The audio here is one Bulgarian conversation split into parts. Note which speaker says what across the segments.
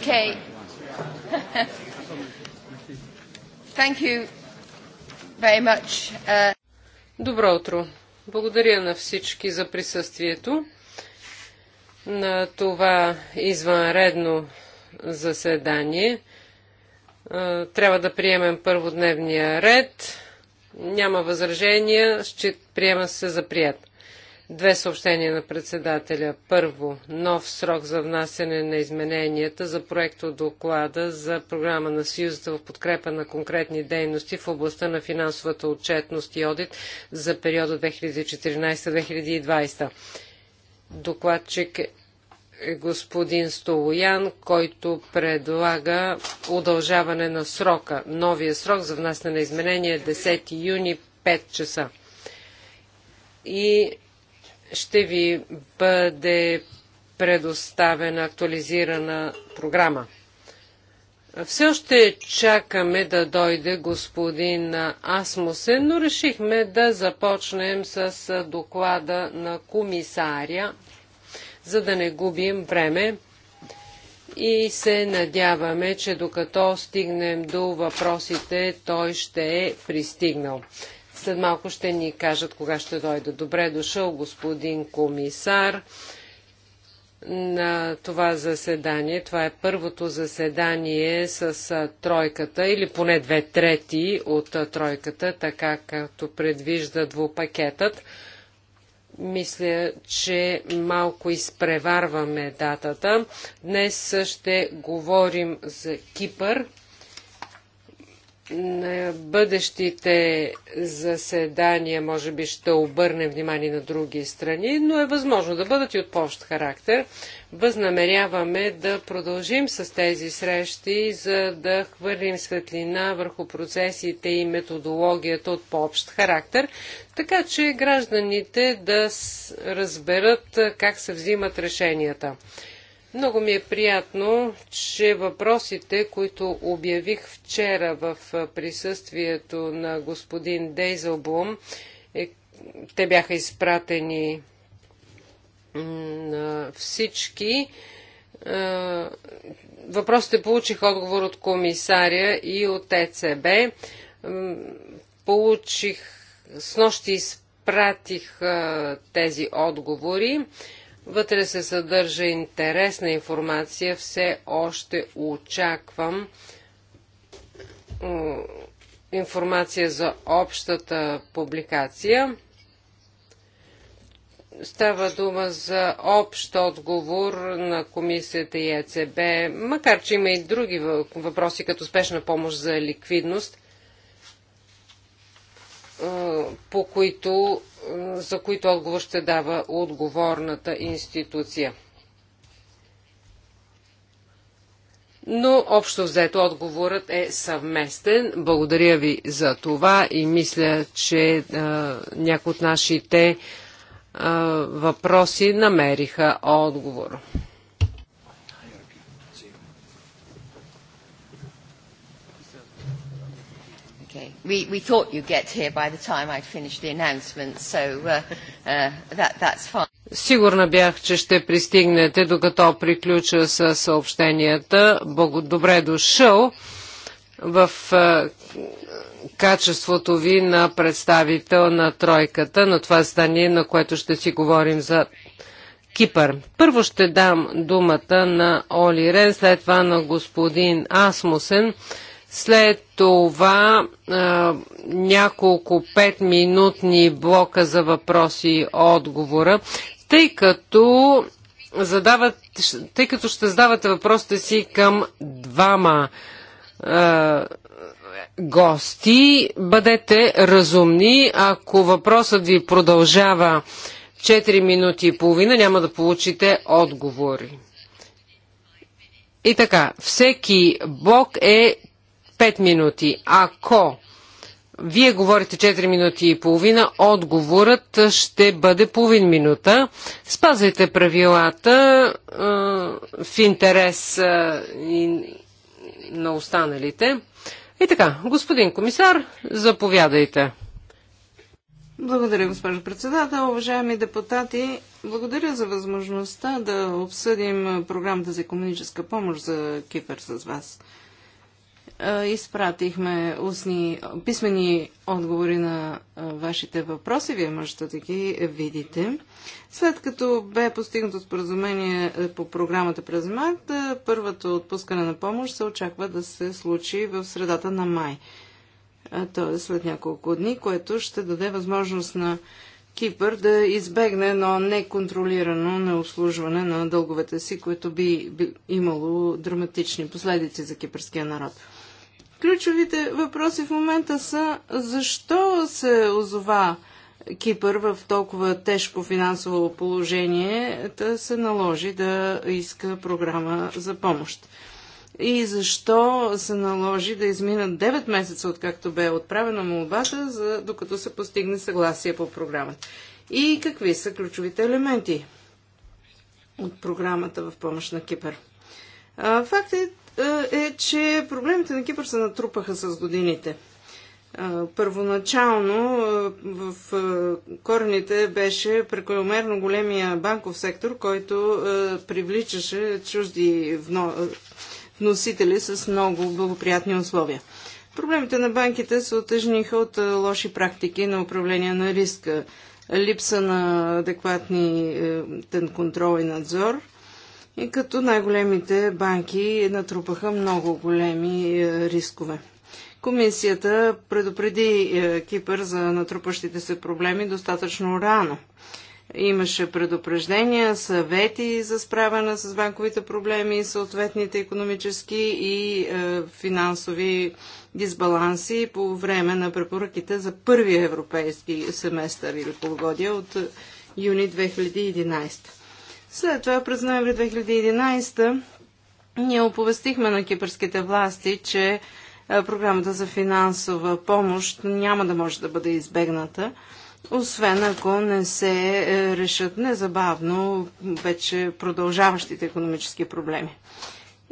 Speaker 1: Okay.
Speaker 2: Thank you very much. Uh...
Speaker 1: Добро утро. Благодаря на всички за присъствието на това извънредно заседание. Трябва да приемем първодневния ред. Няма възражения. Приема се за приятел. Две съобщения на председателя. Първо, нов срок за внасяне на измененията за проекто доклада за програма на Съюзата в подкрепа на конкретни дейности в областта на финансовата отчетност и одит за периода 2014-2020. Докладчик е господин Столоян, който предлага удължаване на срока. Новия срок за внасяне на изменения е 10 юни 5 часа и ще ви бъде предоставена актуализирана програма. Все още чакаме да дойде господин Асмусен, но решихме да започнем с доклада на комисаря, за да не губим време и се надяваме, че докато стигнем до въпросите, той ще е пристигнал. След малко ще ни кажат кога ще дойде. Добре дошъл, господин комисар, на това заседание. Това е първото заседание с тройката или поне две трети от тройката, така както предвижда двупакетът. Мисля, че малко изпреварваме датата. Днес ще говорим за Кипър на бъдещите заседания може би ще обърнем внимание на други страни, но е възможно да бъдат и от по-общ характер. Възнамеряваме да продължим с тези срещи, за да хвърлим светлина върху процесите и методологията от по-общ характер, така че гражданите да разберат как се взимат решенията. Много ми е приятно, че въпросите, които обявих вчера в присъствието на господин Дейзълбум, е, те бяха изпратени на всички. Въпросите получих отговор от комисаря и от ЕЦБ. Получих, с нощи изпратих тези отговори. Вътре се съдържа интересна информация. Все още очаквам информация за общата публикация. Става дума за общ отговор на комисията и ЕЦБ, макар че има и други въпроси, като спешна помощ за ликвидност, по които за които отговор ще дава отговорната институция. Но общо взето отговорът е съвместен. Благодаря ви за това и мисля, че а, някои от нашите а, въпроси намериха отговор. Okay. We, we thought you'd get here by the time I'd finished the announcement, so uh, uh, that, that's fine. Сигурна бях, че ще пристигнете, докато приключа с съобщенията. Добре е дошъл в е, качеството ви на представител на тройката, на това здание, на което ще си говорим за Кипър. Първо ще дам думата на Оли Рен, след това на господин Асмусен след това а, няколко 5-минутни блока за въпроси и отговора, тъй като, задават, тъй като ще задавате въпросите си към двама а, гости. Бъдете разумни. Ако въпросът ви продължава 4 минути и половина, няма да получите отговори. И така, всеки блок е 5 минути. Ако вие говорите 4 минути и половина, отговорът ще бъде половин минута. Спазвайте правилата в интерес на останалите. И така, господин комисар, заповядайте.
Speaker 3: Благодаря, госпожо председател. Уважаеми депутати, благодаря за възможността да обсъдим програмата за економическа помощ за Кипър с вас изпратихме устни, писмени отговори на вашите въпроси. Вие можете да ги видите. След като бе постигнато споразумение е, по програмата през март, е, първата отпускане на помощ се очаква да се случи в средата на май. Т.е. след няколко дни, което ще даде възможност на Кипър да избегне едно неконтролирано необслужване на дълговете си, което би имало драматични последици за кипърския народ. Ключовите въпроси в момента са защо се озова Кипър в толкова тежко финансово положение да се наложи да иска програма за помощ. И защо се наложи да изминат 9 месеца, откакто бе отправена молбата, за, докато се постигне съгласие по програмата. И какви са ключовите елементи от програмата в помощ на Кипър? Факт е, е, че проблемите на Кипър се натрупаха с годините. Първоначално в корените беше прекомерно големия банков сектор, който привличаше чужди вносители с много благоприятни условия. Проблемите на банките се отъжниха от лоши практики на управление на риска, липса на адекватни е, контрол и надзор – и като най-големите банки натрупаха много големи е, рискове. Комисията предупреди е, Кипър за натрупащите се проблеми достатъчно рано. Имаше предупреждения, съвети за справяне с банковите проблеми, съответните економически и е, финансови дисбаланси по време на препоръките за първия европейски семестър или полугодия от юни 2011. След това през ноември 2011 ние оповестихме на кипърските власти, че програмата за финансова помощ няма да може да бъде избегната, освен ако не се е, решат незабавно вече продължаващите економически проблеми.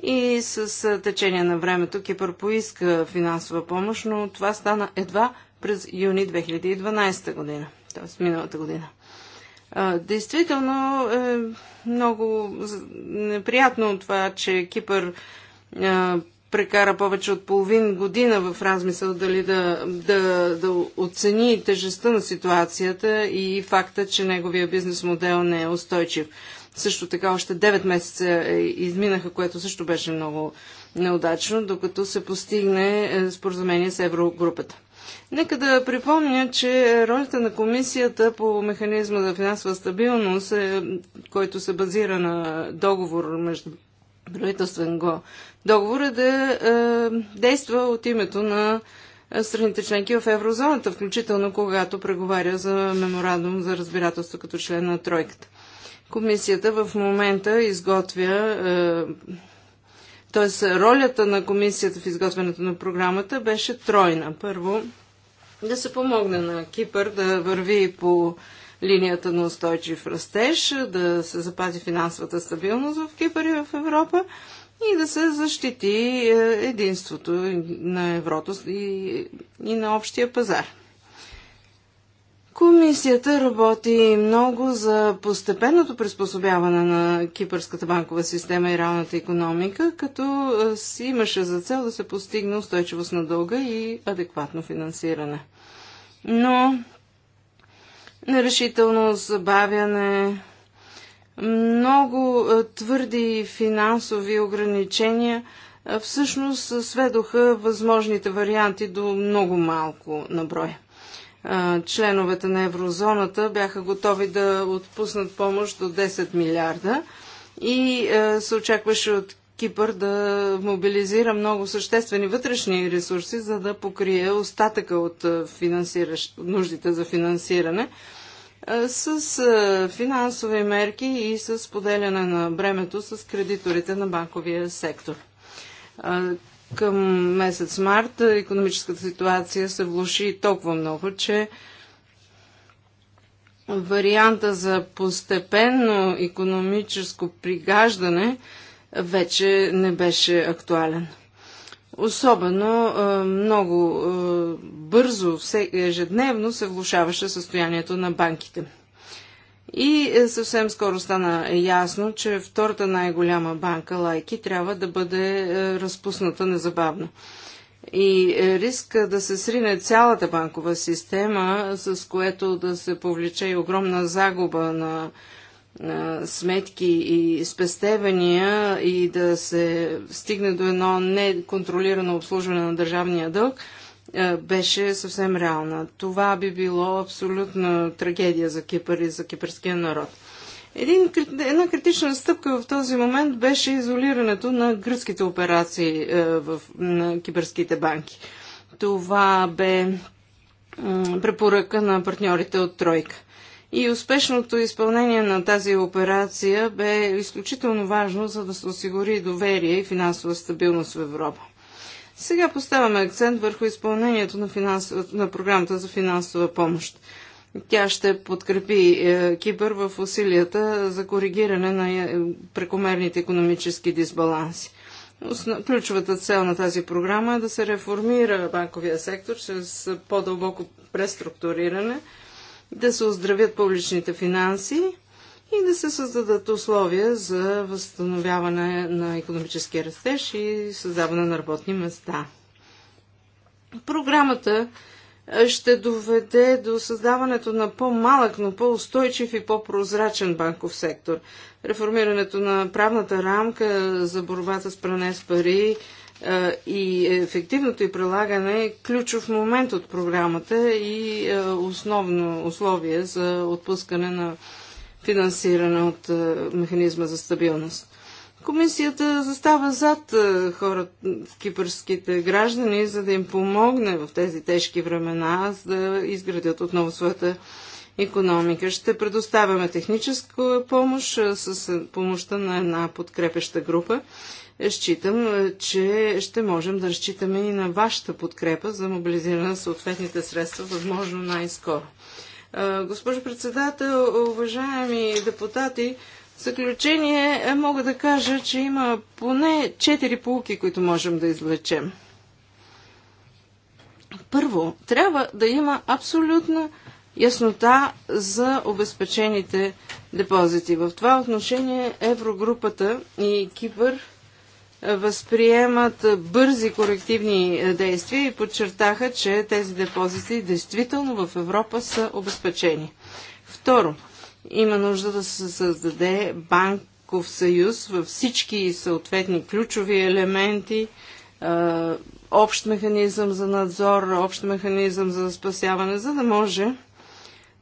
Speaker 3: И с течение на времето Кипър поиска финансова помощ, но това стана едва през юни 2012 година, т.е. миналата година. Действително е много неприятно това, че Кипър прекара повече от половин година в размисъл дали да, да, да оцени тежестта на ситуацията и факта, че неговия бизнес модел не е устойчив. Също така още 9 месеца е, изминаха, което също беше много неудачно, докато се постигне е, споразумение с Еврогрупата. Нека да припомня, че ролята на комисията по механизма за финансова стабилност, е, който се базира на договор между правителствен го договор е да е, действа от името на страните членки в еврозоната, включително когато преговаря за меморандум за разбирателство като член на тройката. Комисията в момента изготвя е, Тоест, ролята на комисията в изготвянето на програмата беше тройна. Първо, да се помогне на Кипър да върви по линията на устойчив растеж, да се запази финансовата стабилност в Кипър и в Европа и да се защити е, единството на еврото и, и на общия пазар. Комисията работи много за постепенното приспособяване на кипърската банкова система и реалната економика, като си имаше за цел да се постигне устойчивост на дълга и адекватно финансиране. Но нерешително забавяне, много твърди финансови ограничения всъщност сведоха възможните варианти до много малко наброя членовете на еврозоната бяха готови да отпуснат помощ до 10 милиарда и се очакваше от Кипър да мобилизира много съществени вътрешни ресурси, за да покрие остатъка от нуждите за финансиране с финансови мерки и с поделяне на бремето с кредиторите на банковия сектор към месец март економическата ситуация се влуши толкова много, че варианта за постепенно економическо пригаждане вече не беше актуален. Особено много бързо, ежедневно се влушаваше състоянието на банките. И е, съвсем скоро стана ясно, че втората най-голяма банка, Лайки, трябва да бъде е, разпусната незабавно. И е, риск да се срине цялата банкова система, с което да се повлече и огромна загуба на сметки и спестевания и да се стигне до едно неконтролирано обслужване на държавния дълг – е, беше съвсем реална. Това би било абсолютна трагедия за Кипър и за кипърския народ. Един, една критична стъпка в този момент беше изолирането на гръцките операции е, в, на киберските банки. Това бе препоръка на партньорите от Тройка. И успешното изпълнение на тази операция бе изключително важно, за да се осигури доверие и финансова стабилност в Европа. Сега поставяме акцент върху изпълнението на, финансов... на програмата за финансова помощ. Тя ще подкрепи е, Кипър в усилията за коригиране на е, прекомерните економически дисбаланси. Ключовата цел на тази програма е да се реформира банковия сектор чрез по-дълбоко преструктуриране, да се оздравят публичните финанси и да се създадат условия за възстановяване на економическия растеж и създаване на работни места. Програмата ще доведе до създаването на по-малък, но по-устойчив и по-прозрачен банков сектор. Реформирането на правната рамка за борбата с пране с пари и ефективното и прилагане е ключов момент от програмата и основно условие за отпускане на финансирана от е, механизма за стабилност. Комисията застава зад е, хората, кипърските граждани, за да им помогне в тези тежки времена, за да изградят отново своята економика. Ще предоставяме техническа помощ е, с помощта на една подкрепеща група. Считам, че ще можем да разчитаме и на вашата подкрепа за мобилизиране на съответните средства, възможно най-скоро. Госпожо председател, уважаеми депутати, в заключение е, мога да кажа, че има поне четири полуки, които можем да извлечем. Първо, трябва да има абсолютна яснота за обезпечените депозити. В това отношение Еврогрупата и Кипър възприемат бързи корективни е, действия и подчертаха, че тези депозити действително в Европа са обезпечени. Второ, има нужда да се създаде банков съюз във всички съответни ключови елементи, е, общ механизъм за надзор, общ механизъм за спасяване, за да може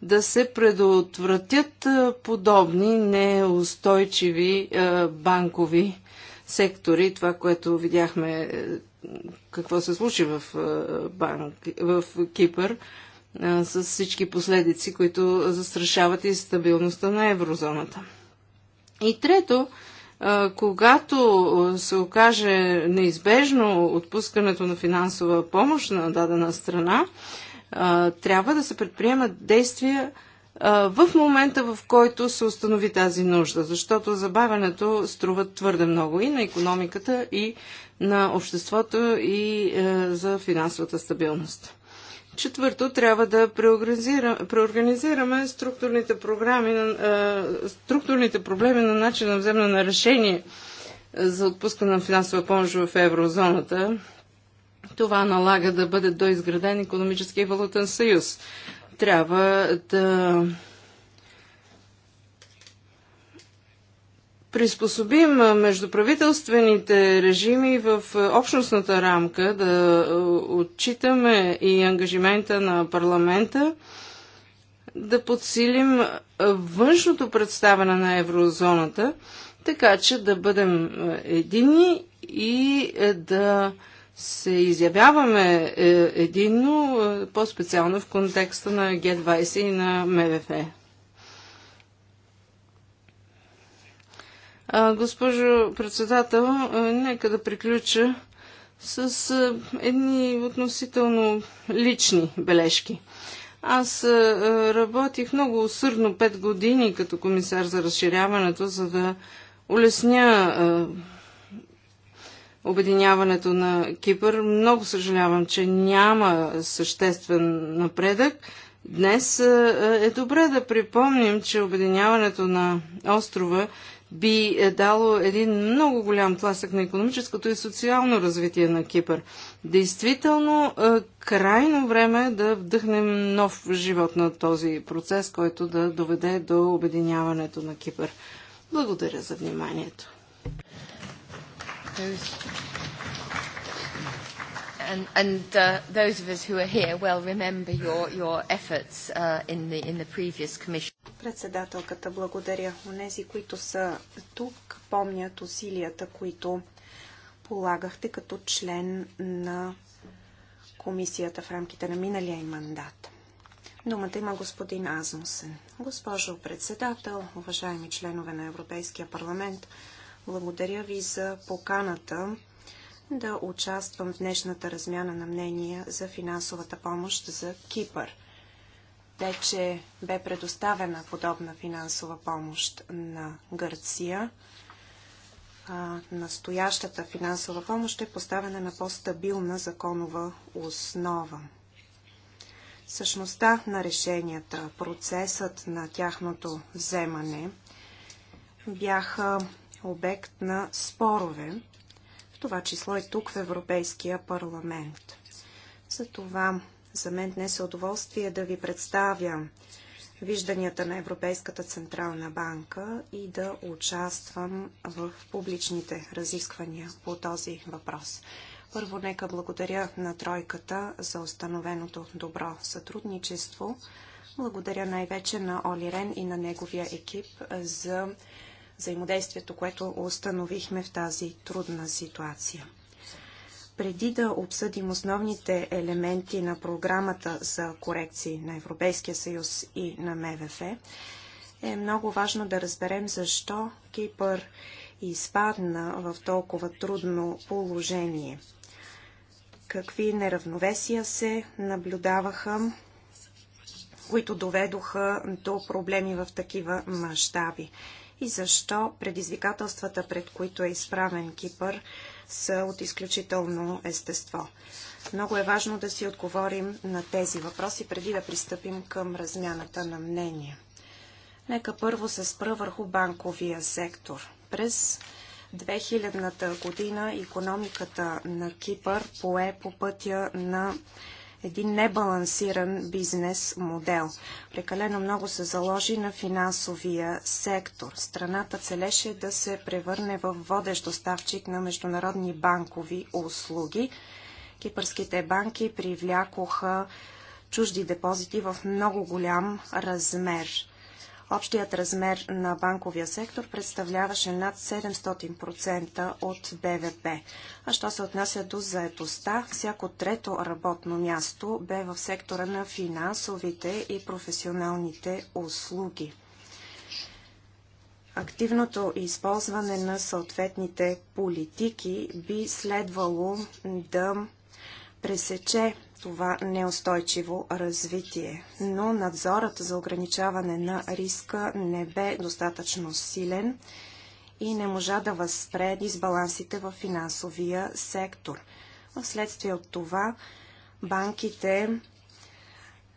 Speaker 3: да се предотвратят е, подобни неустойчиви банкови сектори, това, което видяхме е, какво се случи в, е, банк, в Кипър, е, с всички последици, които застрашават и стабилността на еврозоната. И трето, когато се окаже неизбежно отпускането на финансова помощ на дадена страна, трябва да се предприемат действия в момента, в който се установи тази нужда, защото забавянето струва твърде много и на економиката, и на обществото, и е, за финансовата стабилност. Четвърто, трябва да преорганизираме структурните, програми, е, структурните проблеми на начин на вземане на решение за отпускане на финансова помощ в еврозоната. Това налага да бъде доизграден економически и валутен съюз трябва да приспособим междуправителствените режими в общностната рамка, да отчитаме и ангажимента на парламента, да подсилим външното представяне на еврозоната, така че да бъдем едини и да се изявяваме е, единно, е, по-специално в контекста на Г20 и на МВФ. Е. Госпожо председател, нека да приключа с едни относително лични бележки. Аз работих много усърдно 5 години като комисар за разширяването, за да улесня обединяването на Кипър. Много съжалявам, че няма съществен напредък. Днес е, е добре да припомним, че обединяването на острова би е дало един много голям тласък на економическото и социално развитие на Кипър. Действително, е, крайно време е да вдъхнем нов живот на този процес, който да доведе до обединяването на Кипър. Благодаря за вниманието.
Speaker 2: Those and, and uh, those of us who are here well remember your, your efforts uh, in, the, in the previous commission. Председателката благодаря. Онези, които са тук, помнят усилията, които полагахте като член на комисията в рамките на миналия и мандат. Думата има господин Азмусен. Госпожо председател, уважаеми членове на Европейския парламент, благодаря ви за поканата да участвам в днешната размяна на мнения за финансовата помощ за Кипър. Вече бе предоставена подобна финансова помощ на Гърция. А, настоящата финансова помощ е поставена на по-стабилна законова основа. Същността на решенията, процесът на тяхното вземане бяха обект на спорове, в това число и тук в Европейския парламент. Затова за мен днес е удоволствие да ви представя вижданията на Европейската Централна банка и да участвам в публичните разисквания по този въпрос. Първо, нека благодаря на тройката за установеното добро сътрудничество. Благодаря най-вече на Оли Рен и на неговия екип за взаимодействието, което установихме в тази трудна ситуация. Преди да обсъдим основните елементи на програмата за корекции на Европейския съюз и на МВФ, е много важно да разберем защо Кипър изпадна в толкова трудно положение. Какви неравновесия се наблюдаваха, които доведоха до проблеми в такива мащаби и защо предизвикателствата, пред които е изправен Кипър, са от изключително естество. Много е важно да си отговорим на тези въпроси, преди да пристъпим към размяната на мнение. Нека първо се спра върху банковия сектор. През 2000-та година економиката на Кипър пое по пътя на един небалансиран бизнес модел. Прекалено много се заложи на финансовия сектор. Страната целеше да се превърне в водещ доставчик на международни банкови услуги. Кипърските банки привлякоха чужди депозити в много голям размер. Общият размер на банковия сектор представляваше над 700% от БВП. А що се отнася до заетостта, всяко трето работно място бе в сектора на финансовите и професионалните услуги. Активното използване на съответните политики би следвало да пресече това неустойчиво развитие. Но надзорът за ограничаване на риска не бе достатъчно силен и не можа да възпре дисбалансите в финансовия сектор. Вследствие от това банките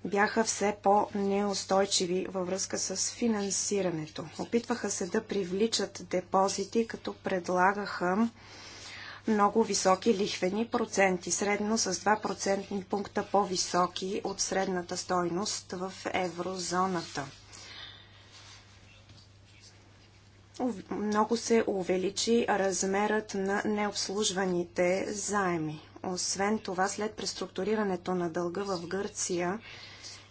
Speaker 2: бяха все по-неустойчиви във връзка с финансирането. Опитваха се да привличат депозити, като предлагаха много високи лихвени проценти, средно с 2 процентни пункта по-високи от средната стойност в еврозоната. Много се увеличи размерът на необслужваните заеми. Освен това, след преструктурирането на дълга в Гърция,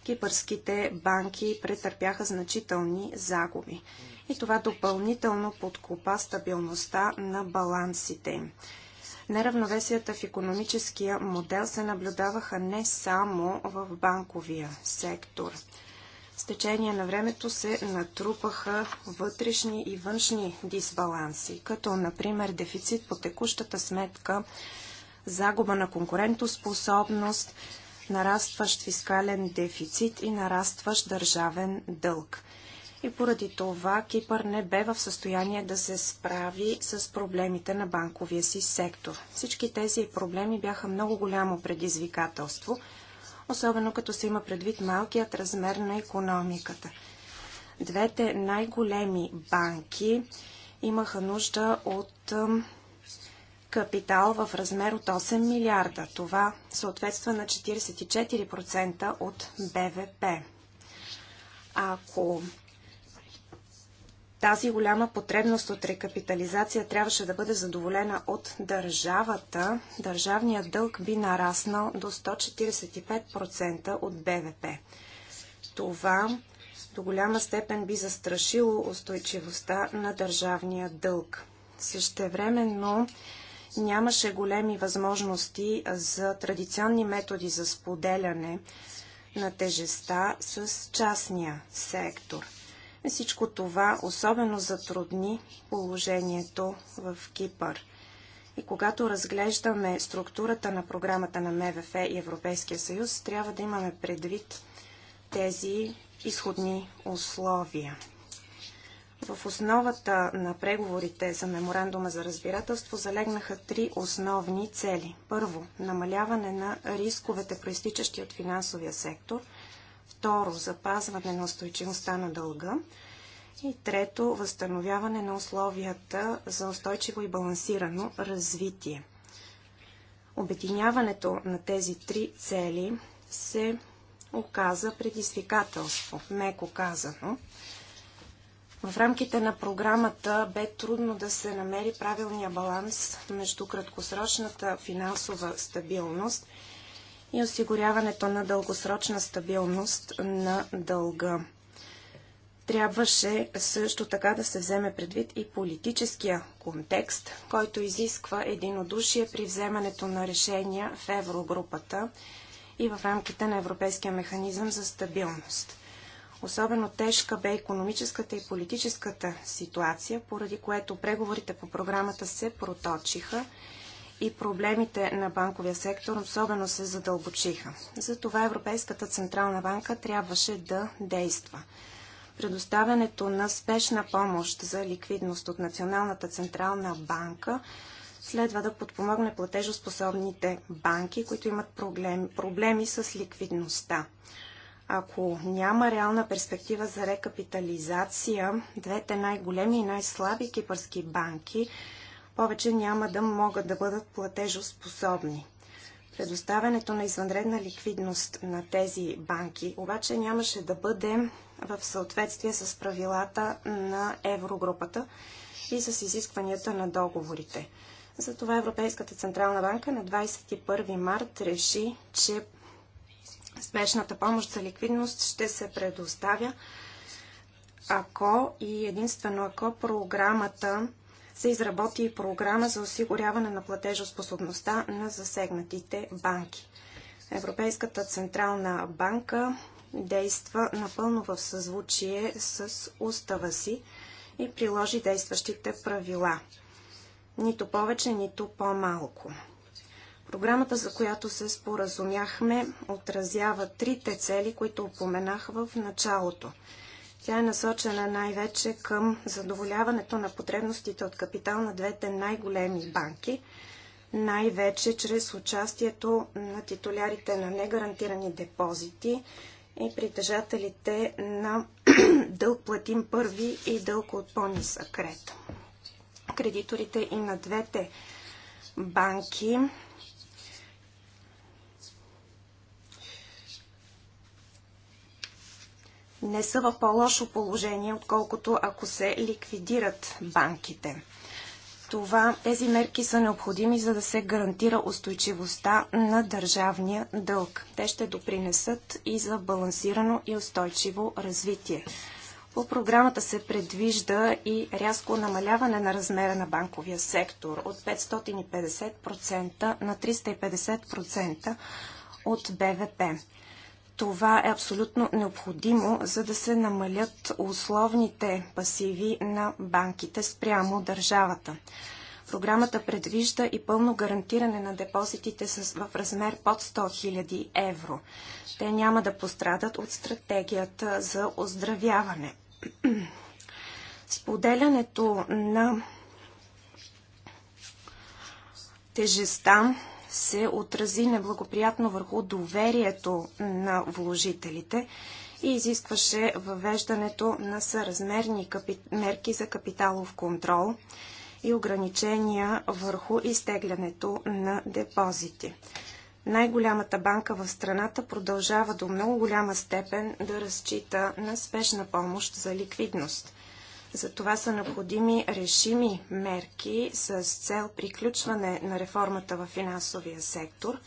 Speaker 2: кипърските банки претърпяха значителни загуби. И това допълнително подкопа стабилността на балансите им. Неравновесията в економическия модел се наблюдаваха не само в банковия сектор. С течение на времето се натрупаха вътрешни и външни дисбаланси, като например дефицит по текущата сметка, загуба на конкурентоспособност, нарастващ фискален дефицит и нарастващ държавен дълг и поради това Кипър не бе в състояние да се справи с проблемите на банковия си сектор. Всички тези проблеми бяха много голямо предизвикателство, особено като се има предвид малкият размер на економиката. Двете най-големи банки имаха нужда от капитал в размер от 8 милиарда. Това съответства на 44% от БВП. Ако тази голяма потребност от рекапитализация трябваше да бъде задоволена от държавата. Държавният дълг би нараснал до 145% от БВП. Това до голяма степен би застрашило устойчивостта на държавния дълг. Същевременно нямаше големи възможности за традиционни методи за споделяне на тежеста с частния сектор. Всичко това особено затрудни положението в Кипър. И когато разглеждаме структурата на програмата на МВФ и Европейския съюз, трябва да имаме предвид тези изходни условия. В основата на преговорите за меморандума за разбирателство залегнаха три основни цели. Първо, намаляване на рисковете, проистичащи от финансовия сектор – Второ, запазване на устойчивостта на дълга. И трето, възстановяване на условията за устойчиво и балансирано развитие. Обединяването на тези три цели се оказа предизвикателство, меко казано. В рамките на програмата бе трудно да се намери правилния баланс между краткосрочната финансова стабилност – и осигуряването на дългосрочна стабилност на дълга. Трябваше също така да се вземе предвид и политическия контекст, който изисква единодушие при вземането на решения в еврогрупата и в рамките на Европейския механизъм за стабилност. Особено тежка бе економическата и политическата ситуация, поради което преговорите по програмата се проточиха и проблемите на банковия сектор особено се задълбочиха. Затова Европейската Централна банка трябваше да действа. Предоставянето на спешна помощ за ликвидност от Националната Централна банка следва да подпомогне платежоспособните банки, които имат проблеми, проблеми с ликвидността. Ако няма реална перспектива за рекапитализация, двете най-големи и най-слаби кипърски банки – повече няма да могат да бъдат платежоспособни. Предоставянето на извънредна ликвидност на тези банки обаче нямаше да бъде в съответствие с правилата на еврогрупата и с изискванията на договорите. Затова Европейската Централна банка на 21 март реши, че спешната помощ за ликвидност ще се предоставя ако и единствено ако програмата се изработи и програма за осигуряване на платежоспособността на засегнатите банки. Европейската централна банка действа напълно в съзвучие с устава си и приложи действащите правила. Нито повече, нито по-малко. Програмата, за която се споразумяхме, отразява трите цели, които упоменах в началото – тя е насочена най-вече към задоволяването на потребностите от капитал на двете най-големи банки, най-вече чрез участието на титулярите на негарантирани депозити и притежателите на дълг платим първи и дълг от по-нисък ред. Кредиторите и на двете банки не са в по-лошо положение, отколкото ако се ликвидират банките. Това, тези мерки са необходими, за да се гарантира устойчивостта на държавния дълг. Те ще допринесат и за балансирано и устойчиво развитие. По програмата се предвижда и рязко намаляване на размера на банковия сектор от 550% на 350% от БВП. Това е абсолютно необходимо, за да се намалят условните пасиви на банките спрямо държавата. Програмата предвижда и пълно гарантиране на депозитите в размер под 100 000 евро. Те няма да пострадат от стратегията за оздравяване. Споделянето на тежестта се отрази неблагоприятно върху доверието на вложителите и изискваше въвеждането на съразмерни капи... мерки за капиталов контрол и ограничения върху изтеглянето на депозити. Най-голямата банка в страната продължава до много голяма степен да разчита на спешна помощ за ликвидност – затова са необходими решими мерки с цел приключване на реформата в финансовия сектор.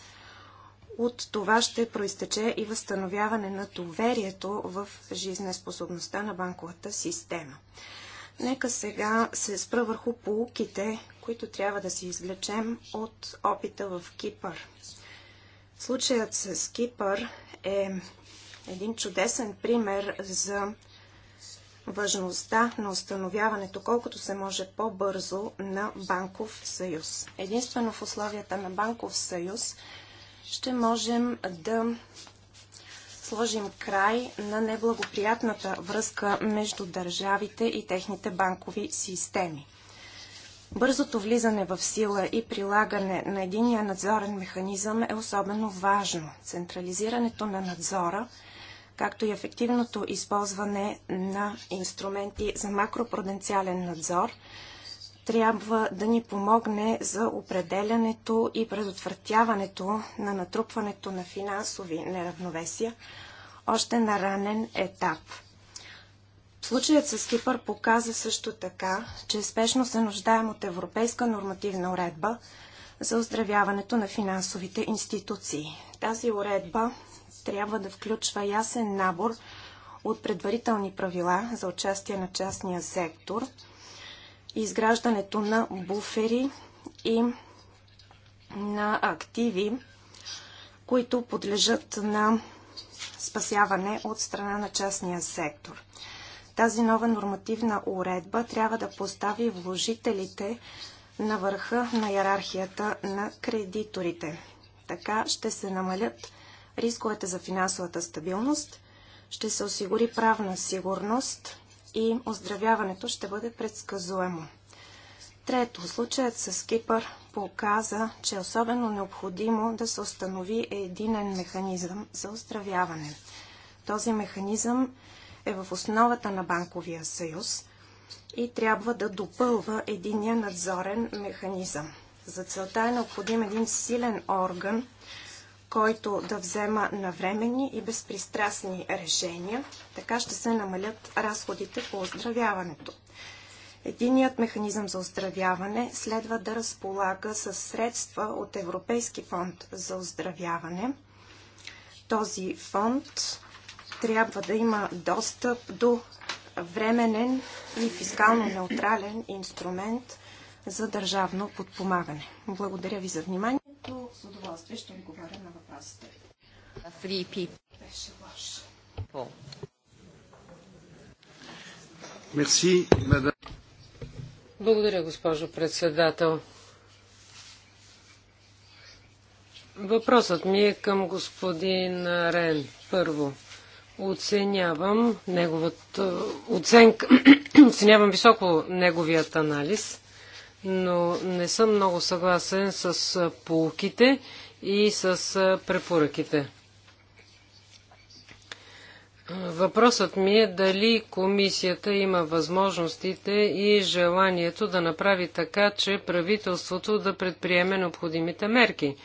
Speaker 2: От това ще проистече и възстановяване на доверието в жизнеспособността на банковата система. Нека сега се спра върху полуките, които трябва да си извлечем от опита в Кипър. Случаят с Кипър е един чудесен пример за важността на установяването колкото се може по-бързо на банков съюз. Единствено в условията на банков съюз ще можем да сложим край на неблагоприятната връзка между държавите и техните банкови системи. Бързото влизане в сила и прилагане на единия надзорен механизъм е особено важно. Централизирането на надзора – както и ефективното използване на инструменти за макропруденциален надзор, трябва да ни помогне за определянето и предотвратяването на натрупването на финансови неравновесия още на ранен етап. Случаят с Кипър показа също така, че спешно се нуждаем от европейска нормативна уредба за оздравяването на финансовите институции. Тази уредба трябва да включва ясен набор от предварителни правила за участие на частния сектор, изграждането на буфери и на активи, които подлежат на спасяване от страна на частния сектор. Тази нова нормативна уредба трябва да постави вложителите на върха на иерархията на кредиторите. Така ще се намалят рисковете за финансовата стабилност, ще се осигури правна сигурност и оздравяването ще бъде предсказуемо. Трето, случаят с Кипър показа, че е особено необходимо да се установи единен механизъм за оздравяване. Този механизъм е в основата на банковия съюз и трябва да допълва единия надзорен механизъм. За целта е необходим един силен орган, който да взема навремени и безпристрастни решения. Така ще се намалят разходите по оздравяването. Единият механизъм за оздравяване следва да разполага с средства от Европейски фонд за оздравяване. Този фонд трябва да има достъп до временен и фискално неутрален инструмент за държавно подпомагане. Благодаря ви за внимание което с удоволствие ще отговаря на въпросите. ви. Беше лошо.
Speaker 1: Мерси, мадам. Благодаря, госпожо председател. Въпросът ми е към господин Рен. Първо, оценявам неговата оценка, оценявам високо неговият анализ но не съм много съгласен с полуките и с препоръките. Въпросът ми е дали комисията има възможностите и желанието да направи така, че правителството да предприеме необходимите мерки.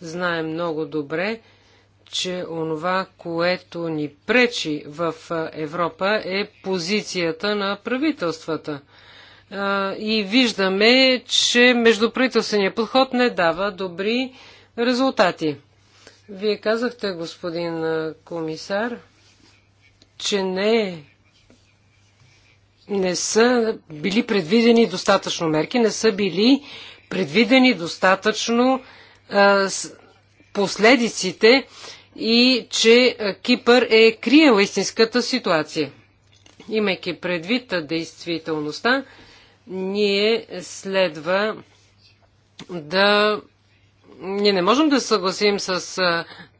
Speaker 1: Знаем много добре, че онова, което ни пречи в Европа е позицията на правителствата – и виждаме, че междуправителственият подход не дава добри резултати. Вие казахте, господин комисар, че не, не са били предвидени достатъчно мерки, не са били предвидени достатъчно а, последиците и че Кипър е криел истинската ситуация. Имайки предвид действителността, ние следва да. Ние не можем да съгласим с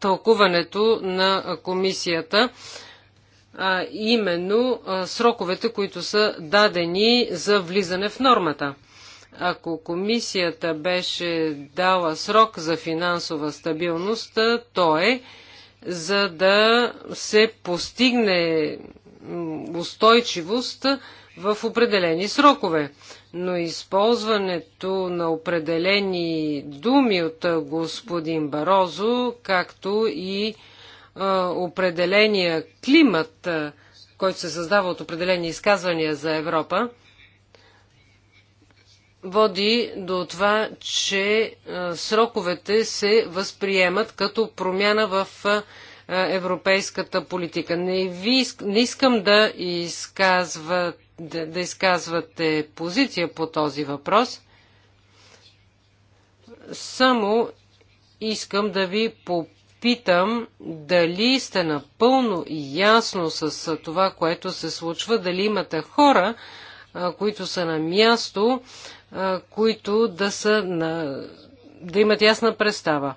Speaker 1: тълкуването на комисията, а именно сроковете, които са дадени за влизане в нормата. Ако комисията беше дала срок за финансова стабилност, то е за да се постигне устойчивост в определени срокове. Но използването на определени думи от господин Барозо, както и а, определения климат, а, който се създава от определени изказвания за Европа, води до това, че а, сроковете се възприемат като промяна в а, европейската политика. Не, ви, не искам да изказват да, да изказвате позиция по този въпрос. Само искам да ви попитам дали сте напълно ясно с това, което се случва, дали имате хора, които са на място, които да, са на, да имат ясна представа.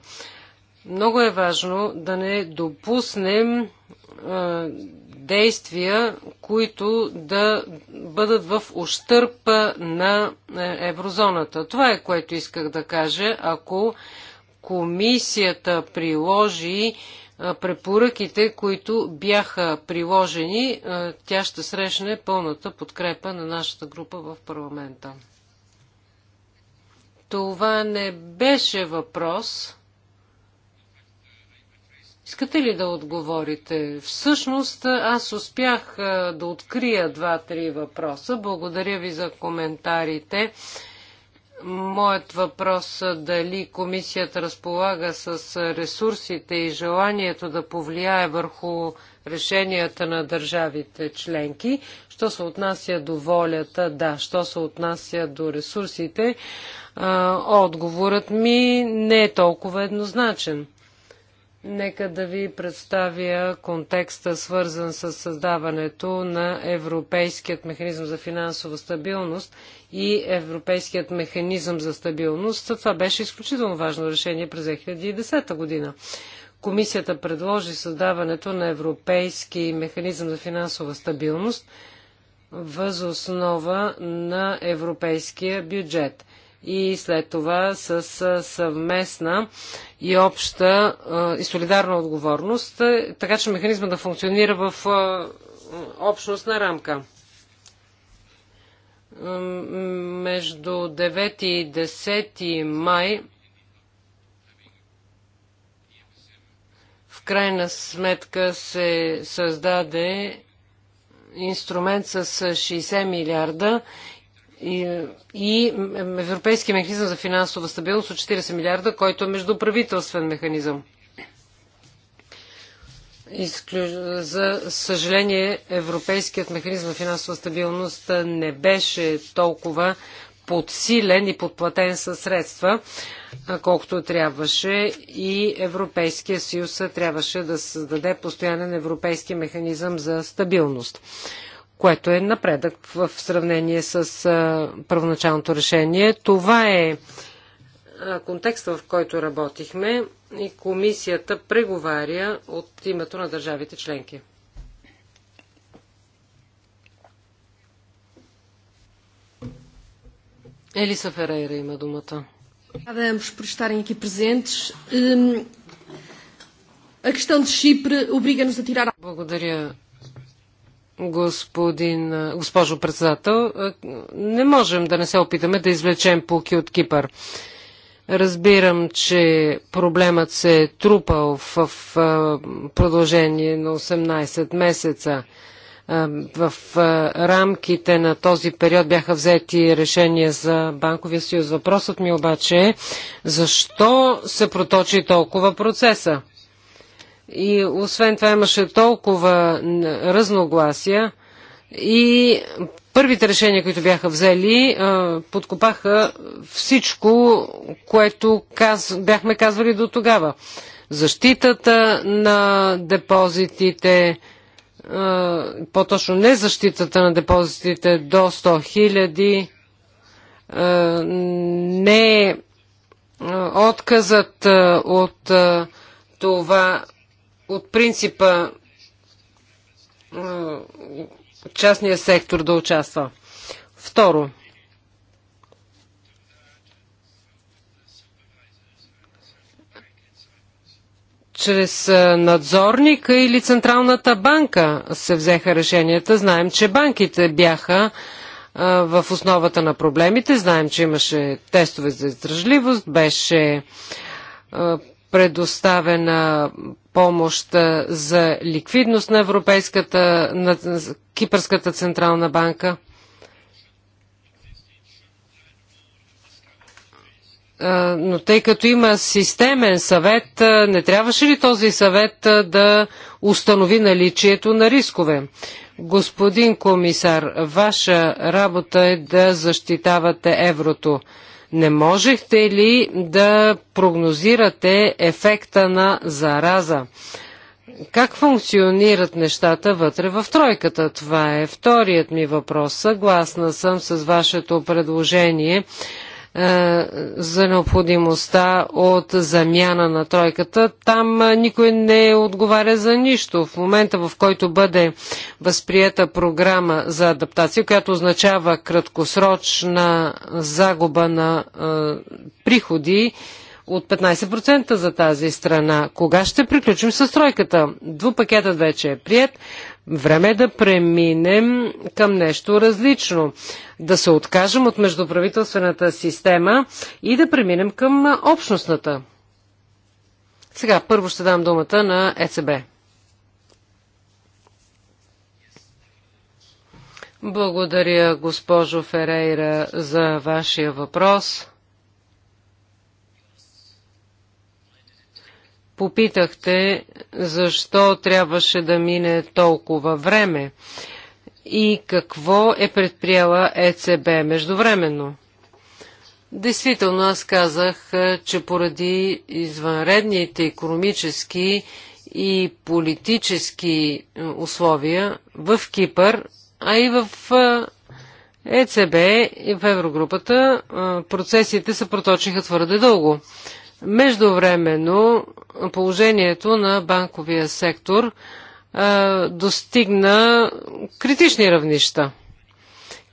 Speaker 1: Много е важно да не допуснем действия, които да бъдат в ощърп на е, еврозоната. Това е което исках да кажа. Ако комисията приложи е, препоръките, които бяха приложени, е, тя ще срещне пълната подкрепа на нашата група в парламента. Това не беше въпрос. Искате ли да отговорите? Всъщност аз успях да открия два-три въпроса. Благодаря ви за коментарите. Моят въпрос дали комисията разполага с ресурсите и желанието да повлияе върху решенията на държавите членки. Що се отнася до волята, да. Що се отнася до ресурсите, отговорът ми не е толкова еднозначен. Нека да ви представя контекста, свързан с създаването на Европейският механизъм за финансова стабилност и Европейският механизъм за стабилност. Това беше изключително важно решение през 2010 година. Комисията предложи създаването на Европейски механизъм за финансова стабилност възоснова основа на европейския бюджет и след това с съвместна и обща и солидарна отговорност, е, така че механизма да функционира в общностна рамка. Между 9 и 10 май в крайна сметка се създаде инструмент с 60 милиарда и Европейския механизъм за финансова стабилност от 40 милиарда, който е междуправителствен механизъм. За съжаление, Европейският механизъм за финансова стабилност не беше толкова подсилен и подплатен със средства, колкото трябваше и Европейския съюз трябваше да създаде постоянен европейски механизъм за стабилност което е напредък в сравнение с първоначалното решение. Това е контекста, в който работихме и комисията преговаря от името на държавите членки. Елиса Ферейра има думата. questão de Chipre obriga-nos a tirar. Благодаря, господин, госпожо председател. Не можем да не се опитаме да извлечем полки от Кипър. Разбирам, че проблемът се е трупал в продължение на 18 месеца. В рамките на този период бяха взети решения за Банковия съюз. Въпросът ми обаче е защо се проточи толкова процеса? И освен това имаше толкова разногласия и първите решения, които бяха взели, подкопаха всичко, което каз... бяхме казвали до тогава. Защитата на депозитите, по-точно не защитата на депозитите до 100 хиляди, не отказът от това от принципа частния сектор да участва. Второ, чрез надзорника или Централната банка се взеха решенията. Знаем, че банките бяха в основата на проблемите. Знаем, че имаше тестове за издържливост, беше предоставена помощ за ликвидност на Европейската, на Кипърската централна банка. Но тъй като има системен съвет, не трябваше ли този съвет да установи наличието на рискове? Господин комисар, ваша работа е да защитавате еврото. Не можехте ли да прогнозирате ефекта на зараза? Как функционират нещата вътре в тройката? Това е вторият ми въпрос. Съгласна съм с вашето предложение е, за необходимостта от замяна на тройката. Там е, никой не отговаря за нищо. В момента, в който бъде възприета програма за адаптация, която означава краткосрочна загуба на е, приходи, от 15% за тази страна. Кога ще приключим с тройката? Двупакетът вече е прият. Време е да преминем към нещо различно. Да се откажем от междуправителствената система и да преминем към общностната. Сега първо ще дам думата на ЕЦБ. Благодаря, госпожо Ферейра, за вашия въпрос. попитахте защо трябваше да мине толкова време и какво е предприела ЕЦБ междувременно. Действително аз казах, е, че поради извънредните економически и политически е, условия в Кипър, а и в ЕЦБ и в Еврогрупата е, процесите се проточиха твърде дълго. Междувременно положението на банковия сектор а, достигна критични равнища.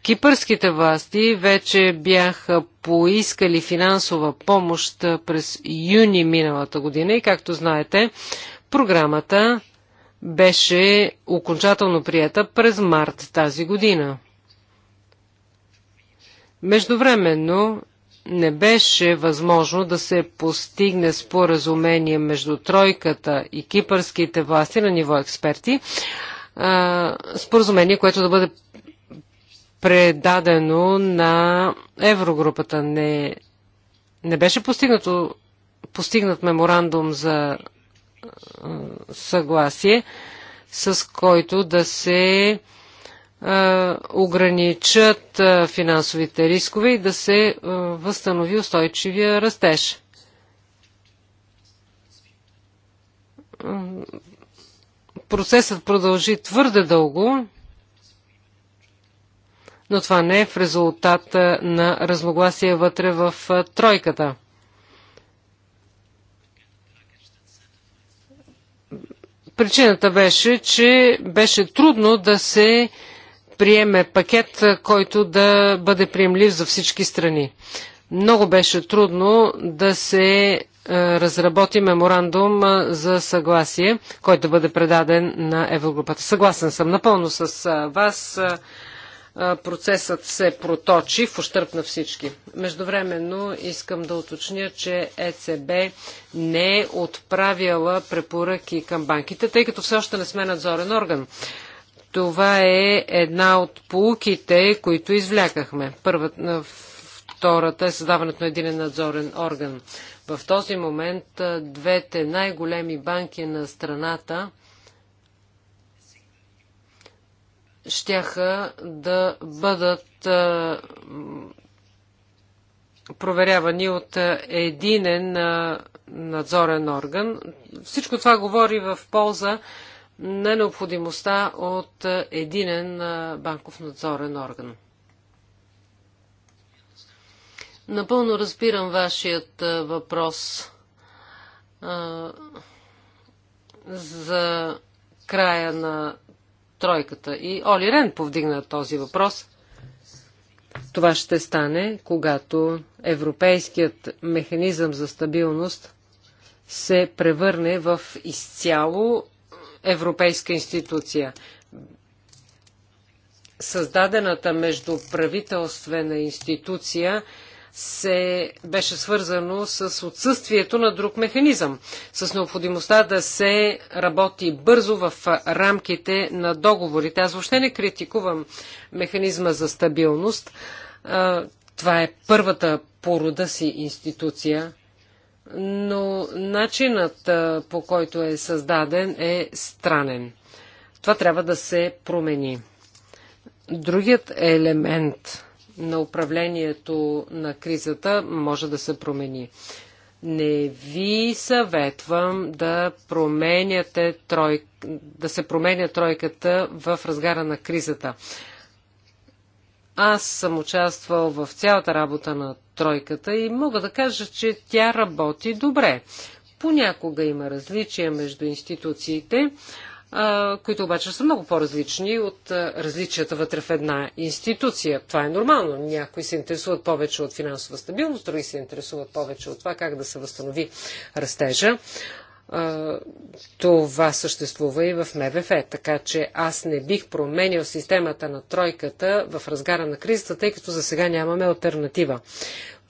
Speaker 1: Кипърските власти вече бяха поискали финансова помощ през юни миналата година и както знаете, програмата беше окончателно прията през март тази година. Междувременно не беше възможно да се постигне споразумение между тройката и кипърските власти на ниво експерти. Споразумение, което да бъде предадено на Еврогрупата. Не, не беше постигнато, постигнат меморандум за съгласие, с който да се е, ограничат е, финансовите рискове и да се е, възстанови устойчивия растеж. Процесът продължи твърде дълго, но това не е в резултат на разногласия вътре в тройката. Причината беше, че беше трудно да се приеме пакет, който да бъде приемлив за всички страни. Много беше трудно да се разработи меморандум за съгласие, който да бъде предаден на Еврогрупата. Съгласен съм напълно с вас. Процесът се проточи в ощърп на всички. Междувременно искам да уточня, че ЕЦБ не е отправила препоръки към банките, тъй като все още не сме надзорен орган. Това е една от полуките, които извлякахме. Първата, втората е създаването на един надзорен орган. В този момент двете най-големи банки на страната щяха да бъдат проверявани от единен надзорен орган. Всичко това говори в полза на необходимостта от единен банков надзорен орган. Напълно разбирам вашият въпрос за края на тройката. И Оли Рен повдигна този въпрос. Това ще стане, когато Европейският механизъм за стабилност се превърне в изцяло европейска институция. Създадената междуправителствена институция се беше свързано с отсъствието на друг механизъм, с необходимостта да се работи бързо в рамките на договорите. Аз въобще не критикувам механизма за стабилност. Това е първата по рода си институция, но начинът по който е създаден е странен. Това трябва да се промени. Другият елемент на управлението на кризата може да се промени. Не ви съветвам да, променяте да се променя тройката в разгара на кризата. Аз съм участвал в цялата работа на тройката и мога да кажа, че тя работи добре. Понякога има различия между институциите, които обаче са много по-различни от различията вътре в една институция. Това е нормално. Някои се интересуват повече от финансова стабилност, други се интересуват повече от това как да се възстанови растежа това съществува и в МВФ. Така че аз не бих променял системата на тройката в разгара на кризата, тъй като за сега нямаме альтернатива.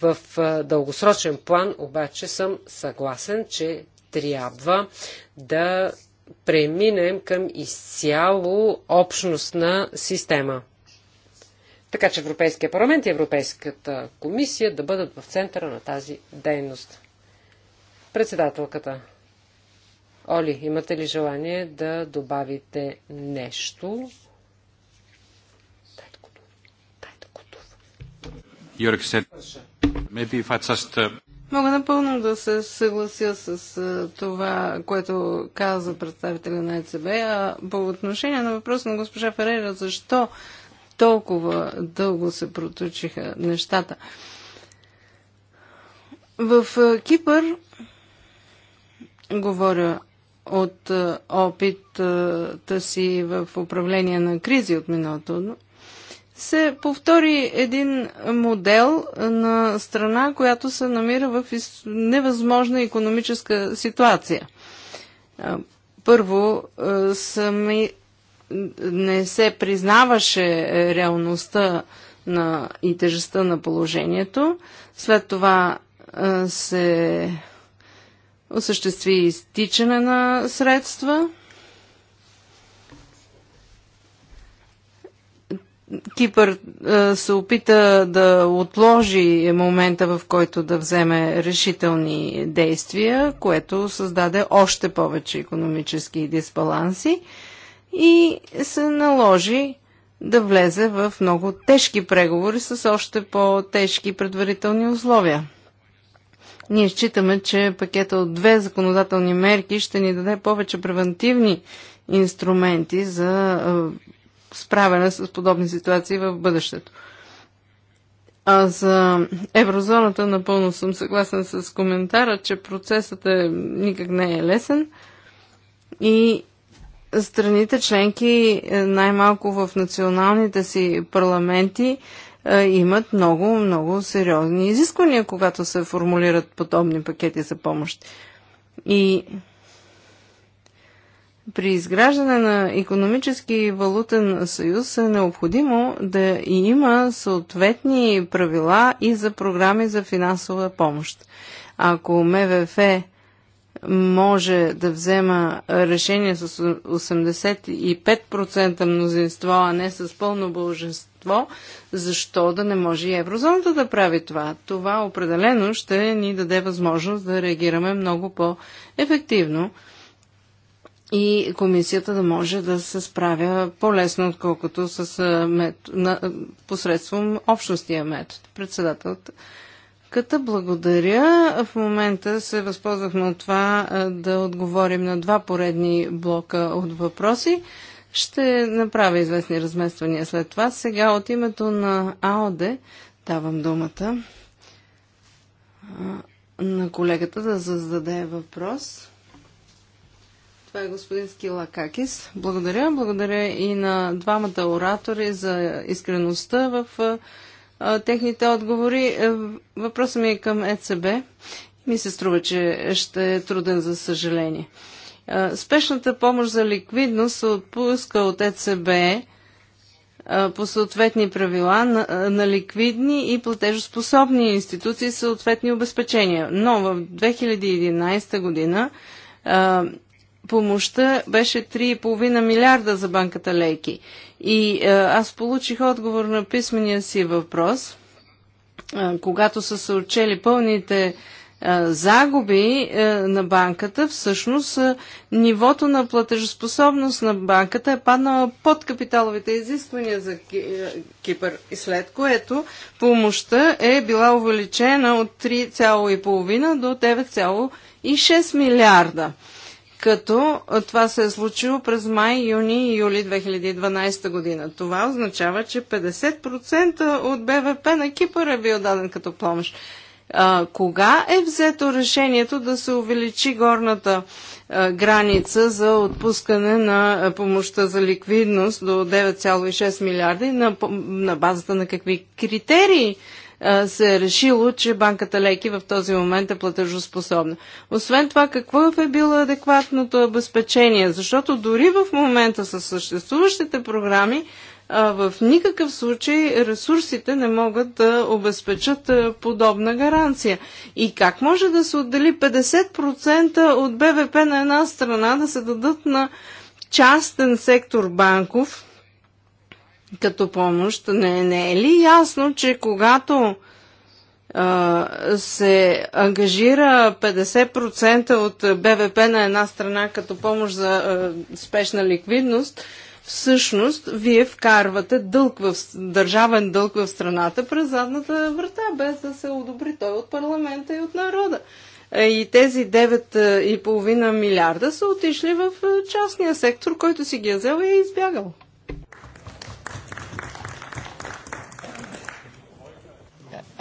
Speaker 1: В дългосрочен план обаче съм съгласен, че трябва да преминем към изцяло общностна система. Така че Европейския парламент и Европейската комисия да бъдат в центъра на тази дейност. Председателката. Оли, имате ли желание да добавите нещо?
Speaker 3: Йорк Сет. Uh,
Speaker 1: Мога напълно
Speaker 3: да се съглася с това, което каза представителя на ЕЦБ. А по отношение на въпроса на госпожа Ферера, защо толкова дълго се проточиха нещата? В Кипър, говоря от е, опитта си в управление на кризи от миналото, се повтори един модел на страна, която се намира в невъзможна економическа ситуация. Е, първо, е, сами не се признаваше реалността на и тежестта на положението. След това се осъществи изтичане на средства. Кипър е, се опита да отложи момента, в който да вземе решителни действия, което създаде още повече економически дисбаланси и се наложи да влезе в много тежки преговори с още по-тежки предварителни условия. Ние считаме, че пакета от две законодателни мерки ще ни даде повече превентивни инструменти за справяне с подобни ситуации в бъдещето. А за еврозоната напълно съм съгласен с коментара, че процесът е, никак не е лесен и страните членки е, най-малко в националните си парламенти е, имат много, много сериозни изисквания, когато се формулират подобни пакети за помощ. И при изграждане на економически и валутен съюз е необходимо да има съответни правила и за програми за финансова помощ. Ако МВФ може да взема решение с 85% мнозинство, а не с пълно бължество, общество, защо да не може и еврозоната да прави това? Това определено ще ни даде възможност да реагираме много по-ефективно и комисията да може да се справя по-лесно, отколкото с мет... на... посредством общностия метод. Председателта Ката, благодаря. В момента се възползвахме от това да отговорим на два поредни блока от въпроси. Ще направя известни размествания след това. Сега от името на АОДЕ давам думата на колегата да зададе въпрос. Това е господин Скила Какис. Благодаря. Благодаря и на двамата оратори за искреността в техните отговори. Е, въпросът ми е към ЕЦБ. Ми се струва, че ще е труден за съжаление. Спешната помощ за ликвидност се отпуска от ЕЦБ по съответни правила на, на ликвидни и платежоспособни институции съответни обезпечения. Но в 2011 година а, помощта беше 3,5 милиарда за банката Лейки. И а, аз получих отговор на писмения си въпрос, а, когато са се отчели пълните загуби е, на банката, всъщност е, нивото на платежеспособност на банката е паднала под капиталовите изисквания за е, Кипър, след което помощта е била увеличена от 3,5 до 9,6 милиарда като това се е случило през май, юни и юли 2012 година. Това означава, че 50% от БВП на Кипър е бил даден като помощ. А, кога е взето решението да се увеличи горната а, граница за отпускане на помощта за ликвидност до 9,6 милиарда и на, на базата на какви критерии? се е решило, че банката Леки в този момент е платежоспособна. Освен това, какво е било адекватното обезпечение? Защото дори в момента с съществуващите програми а в никакъв случай ресурсите не могат да обезпечат подобна гаранция. И как може да се отдели 50% от БВП на една страна да се дадат на частен сектор банков като помощ? Не, не е ли ясно, че когато се ангажира 50% от БВП на една страна като помощ за спешна ликвидност, всъщност вие вкарвате дълг в, държавен дълг в страната през задната врата, без да се одобри той от парламента и от народа. Е, и тези 9,5 е, милиарда са отишли в е, частния сектор, който си ги е взел и е избягал.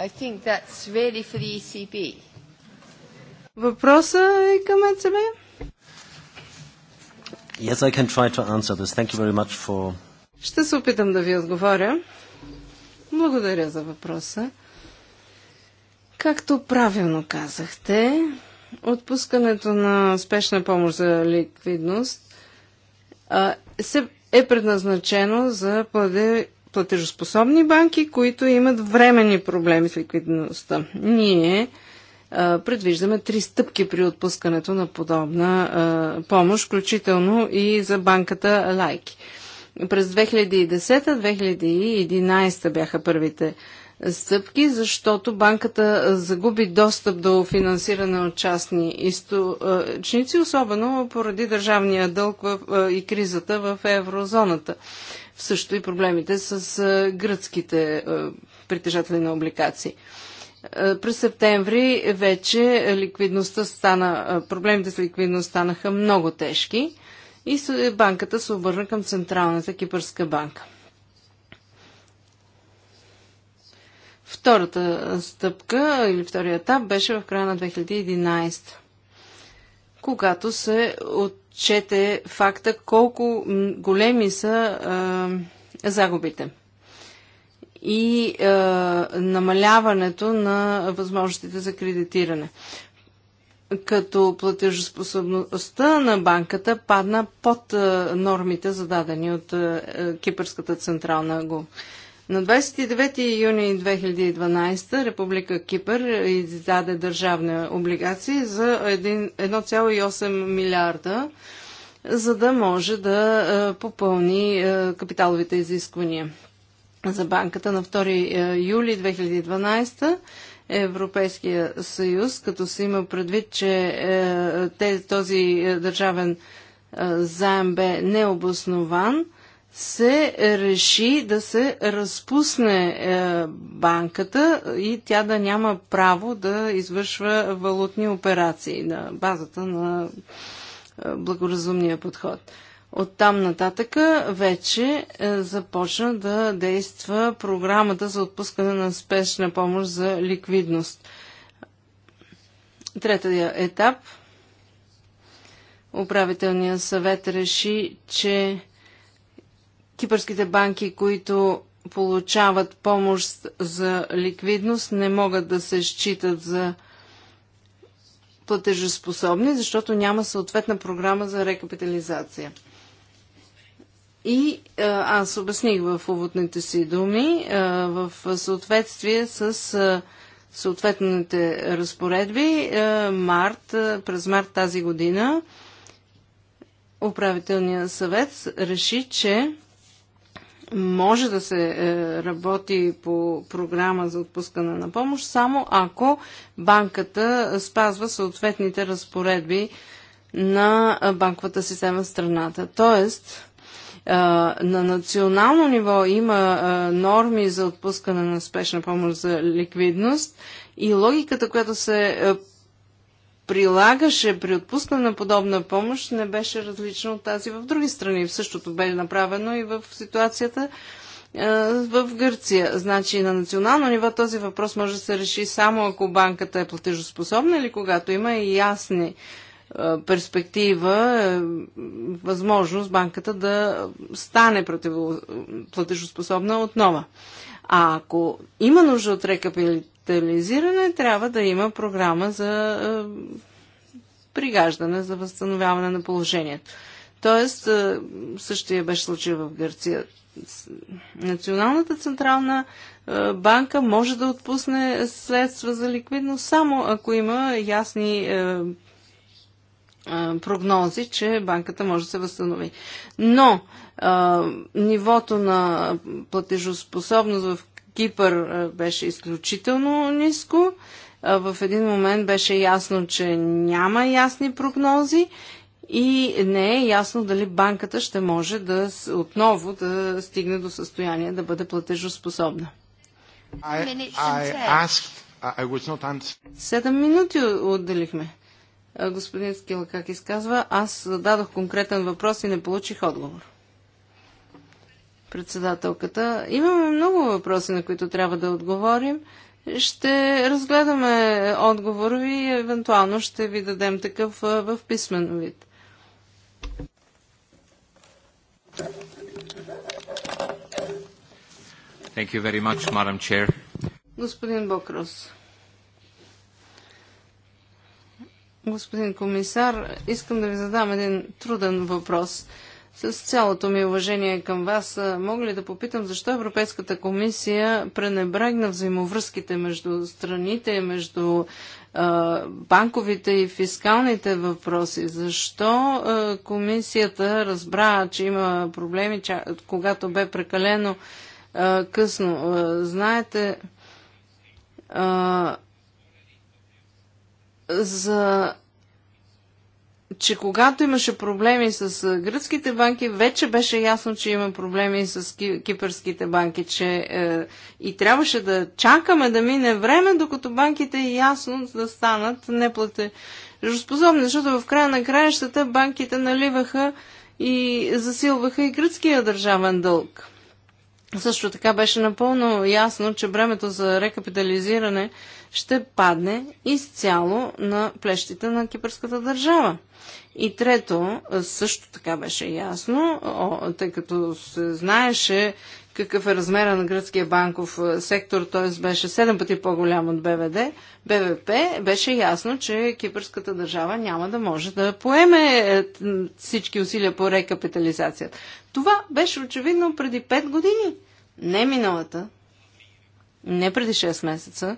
Speaker 3: I think that's really for the ECB. Въпросът е към ЕЦБ.
Speaker 1: Yes, I can try to answer this. Thank you very much for...
Speaker 3: Ще се опитам да ви отговоря. Благодаря за въпроса. Както правилно казахте, отпускането на спешна помощ за ликвидност е предназначено за платежоспособни банки, които имат временни проблеми с ликвидността. Ние предвиждаме три стъпки при отпускането на подобна помощ, включително и за банката Лайки. През 2010-2011 бяха първите стъпки, защото банката загуби достъп до финансиране от частни източници, особено поради държавния дълг и кризата в еврозоната. Също и проблемите с гръцките притежатели на обликации. Е, през септември вече ликвидността стана, е, проблемите с ликвидност станаха много тежки и банката се обърна към Централната кипърска банка. Втората стъпка или втория етап беше в края на 2011, когато се отчете факта колко големи са а, е, загубите и е, намаляването на възможностите за кредитиране. Като платежоспособността на банката падна под е, нормите, зададени от е, е Кипърската централна ГО. На 29 юни 2012 Република Кипър издаде държавни облигации за 1,8 милиарда, за да може да е, попълни е, капиталовите изисквания за банката на 2 е, юли 2012 Европейския съюз, като се има предвид, че е, този е, държавен е, заем бе необоснован, се реши да се разпусне е, банката и тя да няма право да извършва валутни операции на базата на е, благоразумния подход. От там нататъка вече е, започна да действа програмата за отпускане на спешна помощ за ликвидност. Третия етап. Управителният съвет реши, че кипърските банки, които получават помощ за ликвидност, не могат да се считат за платежоспособни, защото няма съответна програма за рекапитализация. И е, аз обясних в уводните си думи, е, в съответствие с е, съответните разпоредби, март, през март тази година, управителният съвет реши, че може да се работи по програма за отпускане на помощ, само ако банката спазва съответните разпоредби на банковата система в страната. Тоест, на национално ниво има норми за отпускане на спешна помощ за ликвидност и логиката, която се прилагаше при отпускане на подобна помощ, не беше различна от тази в други страни. В същото бе направено и в ситуацията в Гърция. Значи на национално ниво този въпрос може да се реши само ако банката е платежоспособна или когато има и ясни перспектива, е, възможност банката да стане платежоспособна отнова. А ако има нужда от рекапитализиране, трябва да има програма за пригаждане, за възстановяване на положението. Тоест, същия беше случай в Гърция. Националната централна банка може да отпусне следства за ликвидност само ако има ясни прогнози, че банката може да се възстанови. Но а, нивото на платежоспособност в Кипър беше изключително ниско. А, в един момент беше ясно, че няма ясни прогнози и не е ясно дали банката ще може да отново да стигне до състояние да бъде платежоспособна. Седем минути отделихме. Е, господин Скила, как изказва, аз зададох конкретен въпрос и не получих отговор. Председателката, имаме много въпроси, на които трябва да отговорим. Ще разгледаме отговор ви и евентуално ще ви дадем такъв е, в писмен вид. Thank you very much, Madam Chair. Господин Бокрос. Господин комисар, искам да ви задам един труден въпрос. С цялото ми уважение към вас, мога ли да попитам защо Европейската комисия пренебрегна взаимовръзките между страните, между е, банковите и фискалните въпроси? Защо е, комисията разбра, че има проблеми, че, когато бе прекалено е, късно? Знаете, за че когато имаше проблеми с гръцките банки, вече беше ясно, че има проблеми с кипърските банки, че е, и трябваше да чакаме да мине време, докато банките ясно да станат неплатежоспособни, защото в края на краищата банките наливаха и засилваха и гръцкия държавен дълг. Също така беше напълно ясно, че времето за рекапитализиране е, ще падне изцяло на плещите на кипърската държава. И трето, също така беше ясно, тъй като се знаеше какъв е размера на гръцкия банков е, сектор, т.е. беше 7 пъти по-голям от БВД, БВП, беше ясно, че кипърската държава няма да може да поеме е, всички усилия по рекапитализацията. Това беше очевидно преди 5 години. Не миналата, не преди 6 месеца,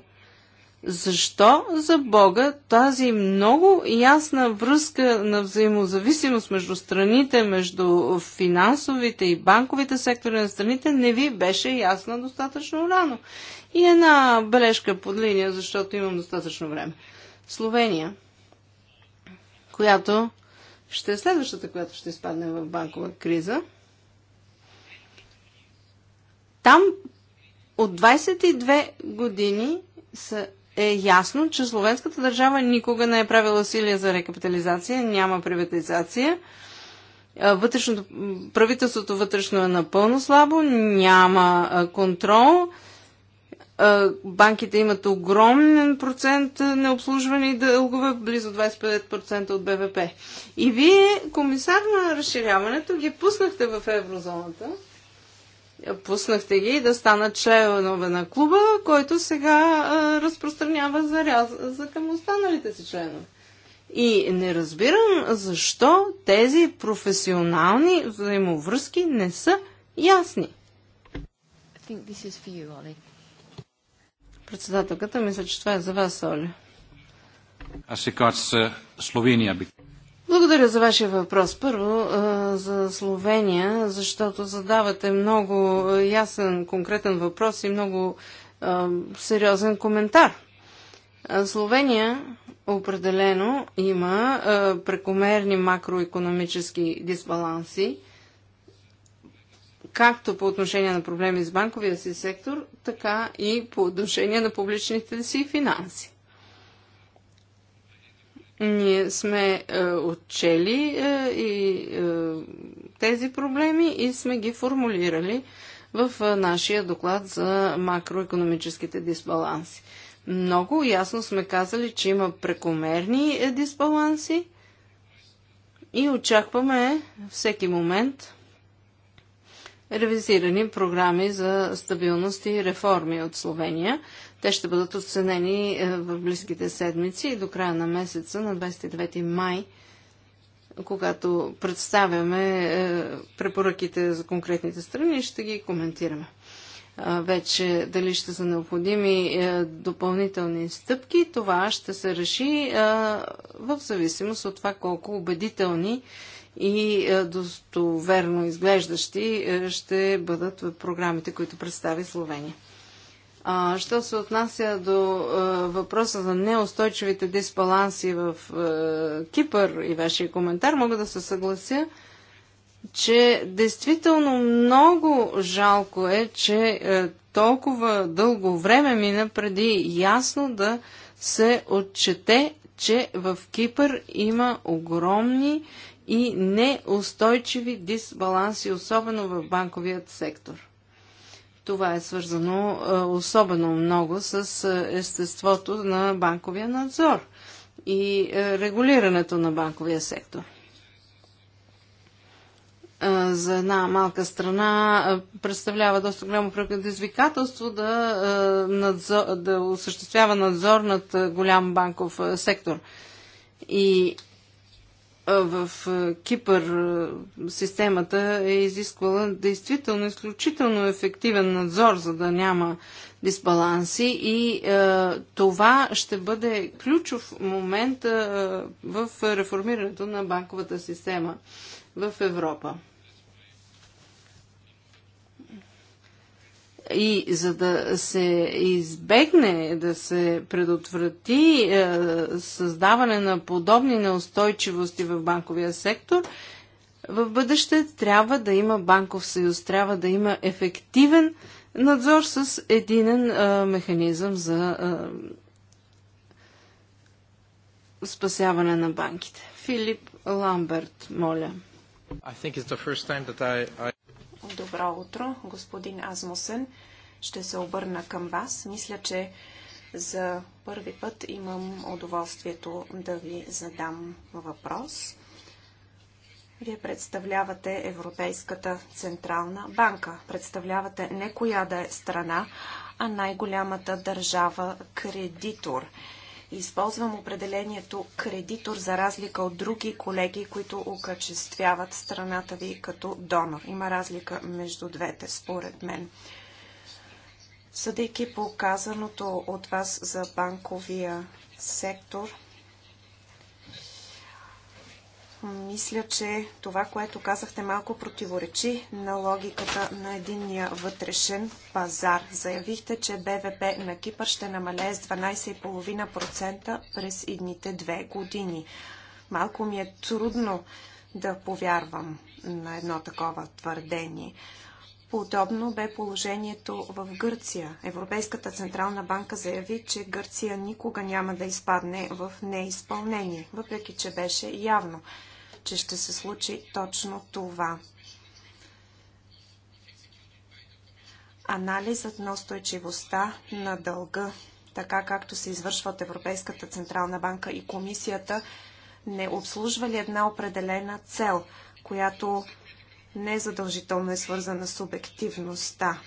Speaker 3: защо за Бога тази много ясна връзка на взаимозависимост между страните, между финансовите и банковите сектори на страните не ви беше ясна достатъчно рано? И една бележка под линия, защото имам достатъчно време. Словения, която ще е следващата, която ще изпадне в банкова криза, там от 22 години са е ясно, че Словенската държава никога не е правила усилия за рекапитализация, няма приватизация. Вътрешното, правителството вътрешно е напълно слабо, няма контрол. Банките имат огромен процент необслужвани дългове, близо 25% от БВП. И вие, комисар на разширяването, ги пуснахте в еврозоната. Пуснахте ги да станат членове на клуба, който сега а, разпространява за към останалите си членове. И не разбирам защо тези професионални взаимовръзки не са ясни. You, Председателката, мисля, че това е за вас, Оли. Аз се казва Словения. Благодаря за вашия въпрос. Първо за Словения, защото задавате много ясен, конкретен въпрос и много сериозен коментар. Словения определено има прекомерни макроекономически дисбаланси, както по отношение на проблеми с банковия си сектор, така и по отношение на публичните си финанси. Ние сме е, отчели е, и е, тези проблеми и сме ги формулирали в е, нашия доклад за макроекономическите дисбаланси. Много ясно сме казали, че има прекомерни е, дисбаланси и очакваме всеки момент ревизирани програми за стабилност и реформи от Словения. Те ще бъдат оценени е, в близките седмици и до края на месеца, на 29 май, когато представяме е, препоръките за конкретните страни, ще ги коментираме. Вече дали ще са необходими е, допълнителни стъпки, това ще се реши в зависимост от това колко убедителни и достоверно изглеждащи ще бъдат програмите, които представи Словения. А, що се отнася до а, въпроса за неустойчивите дисбаланси в а, Кипър и вашия коментар, мога да се съглася, че действително много жалко е, че а, толкова дълго време мина преди ясно да се отчете, че в Кипър има огромни и неустойчиви дисбаланси, особено в банковият сектор. Това е свързано особено много с естеството на банковия надзор и регулирането на банковия сектор. За една малка страна представлява доста голямо предизвикателство да, надзор, да осъществява надзор над голям банков сектор. И в Кипър системата е изисквала действително изключително ефективен надзор, за да няма дисбаланси и е, това ще бъде ключов момент е, в реформирането на банковата система в Европа. И за да се избегне, да се предотврати е, създаване на подобни неустойчивости в банковия сектор, в бъдеще трябва да има банков съюз, трябва да има ефективен надзор с единен е, механизъм за е, спасяване
Speaker 2: на банките. Филип Ламберт, моля. I think it's the first time that I, I Добро утро, господин Азмусен. Ще се обърна към вас. Мисля, че за първи път имам удоволствието да ви задам въпрос. Вие представлявате Европейската централна банка. Представлявате не коя да е страна, а най-голямата държава кредитор. Използвам определението кредитор за разлика от други колеги, които окачествяват страната ви като донор. Има разлика между двете, според мен. Съдейки по казаното от вас за банковия сектор, мисля, че това, което казахте, малко противоречи на логиката на единния вътрешен пазар. Заявихте, че БВП на Кипър ще намалее с 12,5% през идните две години. Малко ми е трудно да повярвам на едно такова твърдение. Подобно бе положението в Гърция. Европейската централна банка заяви, че Гърция никога няма да изпадне в неизпълнение, въпреки че беше явно, че ще се случи точно това. Анализът на устойчивостта на дълга, така както се извършва от Европейската Централна банка и комисията, не обслужва ли една определена цел, която незадължително е свързана с обективността?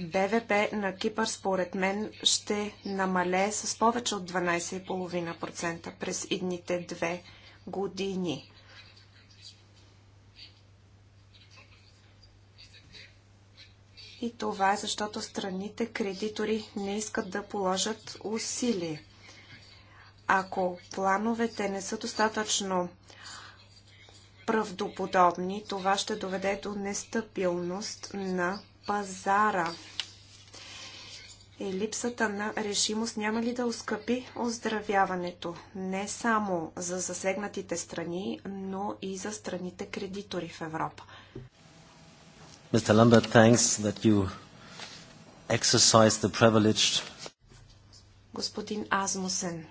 Speaker 2: БВП на Кипър според мен ще намалее с повече от 12,5% през идните две години. И това е защото страните кредитори не искат да положат усилие. Ако плановете не са достатъчно правдоподобни, това ще доведе до нестабилност на пазара. И е, липсата на решимост няма ли да ускъпи оздравяването не само за засегнатите страни, но и за страните кредитори в Европа?
Speaker 1: thanks that you exercise the privileged.
Speaker 2: Господин Азмусен,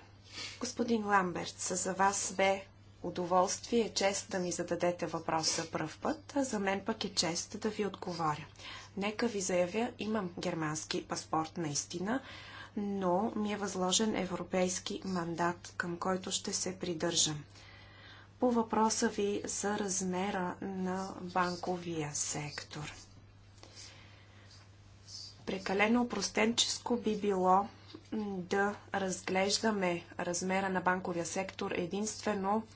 Speaker 2: господин Ламберт, за вас бе удоволствие, чест да ми зададете въпроса първ пръв път, а за мен пък е чест да ви отговоря. Нека ви заявя, имам германски паспорт наистина, но ми е възложен европейски мандат, към който ще се придържам. По въпроса ви за размера на банковия сектор. Прекалено простенческо би било да разглеждаме размера на банковия сектор единствено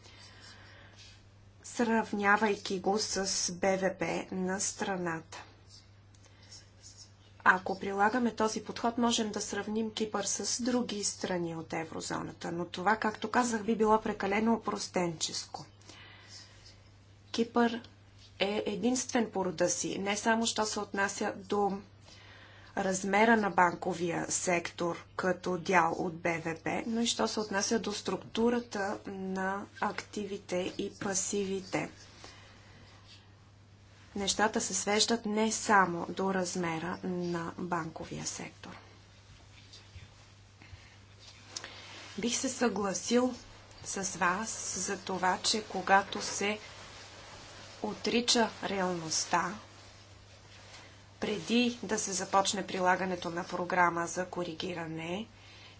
Speaker 2: сравнявайки го с БВП на страната. Ако прилагаме този подход, можем да сравним Кипър с други страни от еврозоната, но това, както казах, би било прекалено опростенческо. Кипър е единствен по рода си, не само що се отнася до размера на банковия сектор като дял от БВП, но и що се отнася до структурата на активите и пасивите нещата се свеждат не само до размера на банковия сектор. Бих се съгласил с вас за това, че когато се отрича реалността, преди да се започне прилагането на програма за коригиране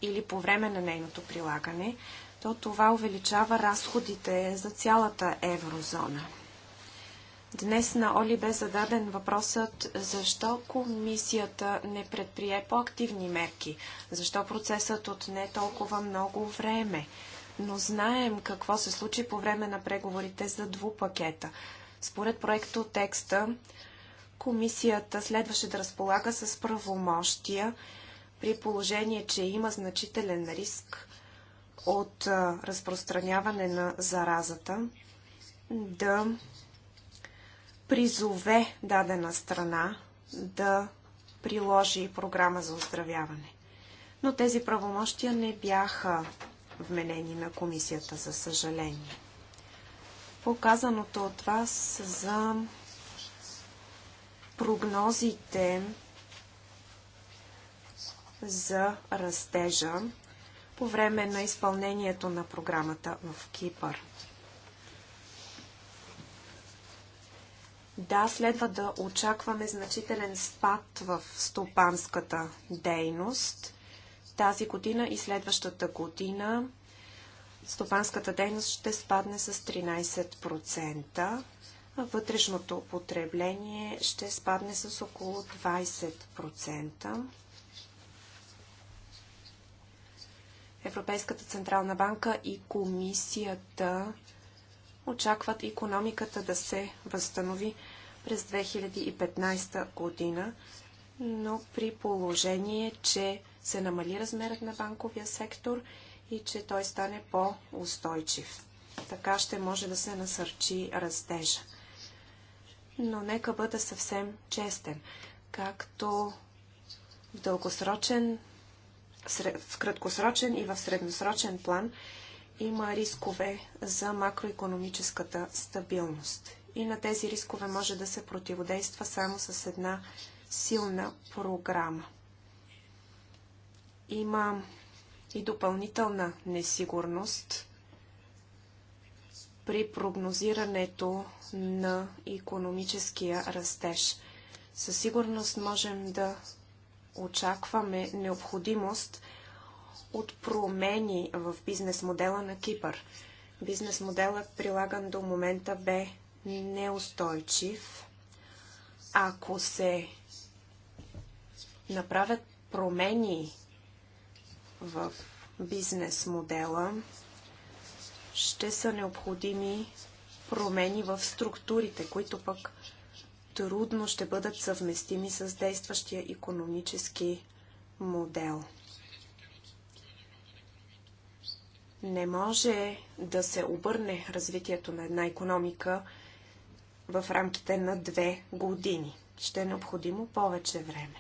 Speaker 2: или по време на нейното прилагане, то това увеличава разходите за цялата еврозона – Днес на Оли бе зададен въпросът защо комисията не предприе по-активни мерки, защо процесът отне толкова много време. Но знаем какво се случи по време на преговорите за двупакета. Според проекто текста, комисията следваше да разполага с правомощия при положение, че има значителен риск от разпространяване на заразата, да призове дадена страна да приложи програма за оздравяване. Но тези правомощия не бяха вменени на комисията, за съжаление. Показаното от вас за прогнозите за растежа по време на изпълнението на програмата в Кипър. Да, следва да очакваме значителен спад в стопанската дейност. Тази година и следващата година стопанската дейност ще спадне с 13%, а вътрешното потребление ще спадне с около 20%. Европейската Централна банка и комисията очакват економиката да се възстанови през 2015 година, но при положение, че се намали размерът на банковия сектор и че той стане по-устойчив. Така ще може да се насърчи растежа. Но нека бъда съвсем честен. Както в дългосрочен, в краткосрочен и в средносрочен план има рискове за макроекономическата стабилност. И на тези рискове може да се противодейства само с една силна програма. Има и допълнителна несигурност при прогнозирането на економическия растеж. Със сигурност можем да очакваме необходимост от промени в бизнес модела на Кипър. Бизнес моделът прилаган до момента бе неустойчив, ако се направят промени в бизнес модела, ще са необходими промени в структурите, които пък трудно ще бъдат съвместими с действащия економически модел. Не може да се обърне развитието на една економика в рамките на две години. Ще е необходимо повече време.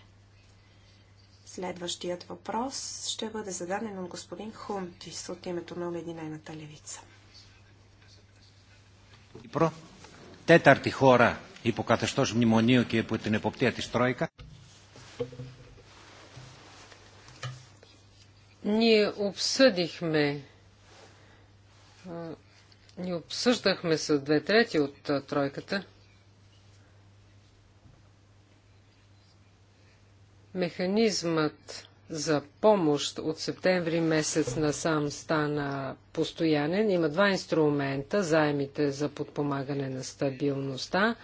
Speaker 2: Следващият въпрос ще бъде зададен от господин Хунтис от името на Обединената левица.
Speaker 1: Про τέταρτη χώρα υποκαθεστώς μνημονίου και по την εποπτεία της стройка. Ние обсъдихме ни обсъждахме с две трети от тройката. Механизмът за помощ от септември месец насам стана постоянен. Има два инструмента – заемите за подпомагане на стабилността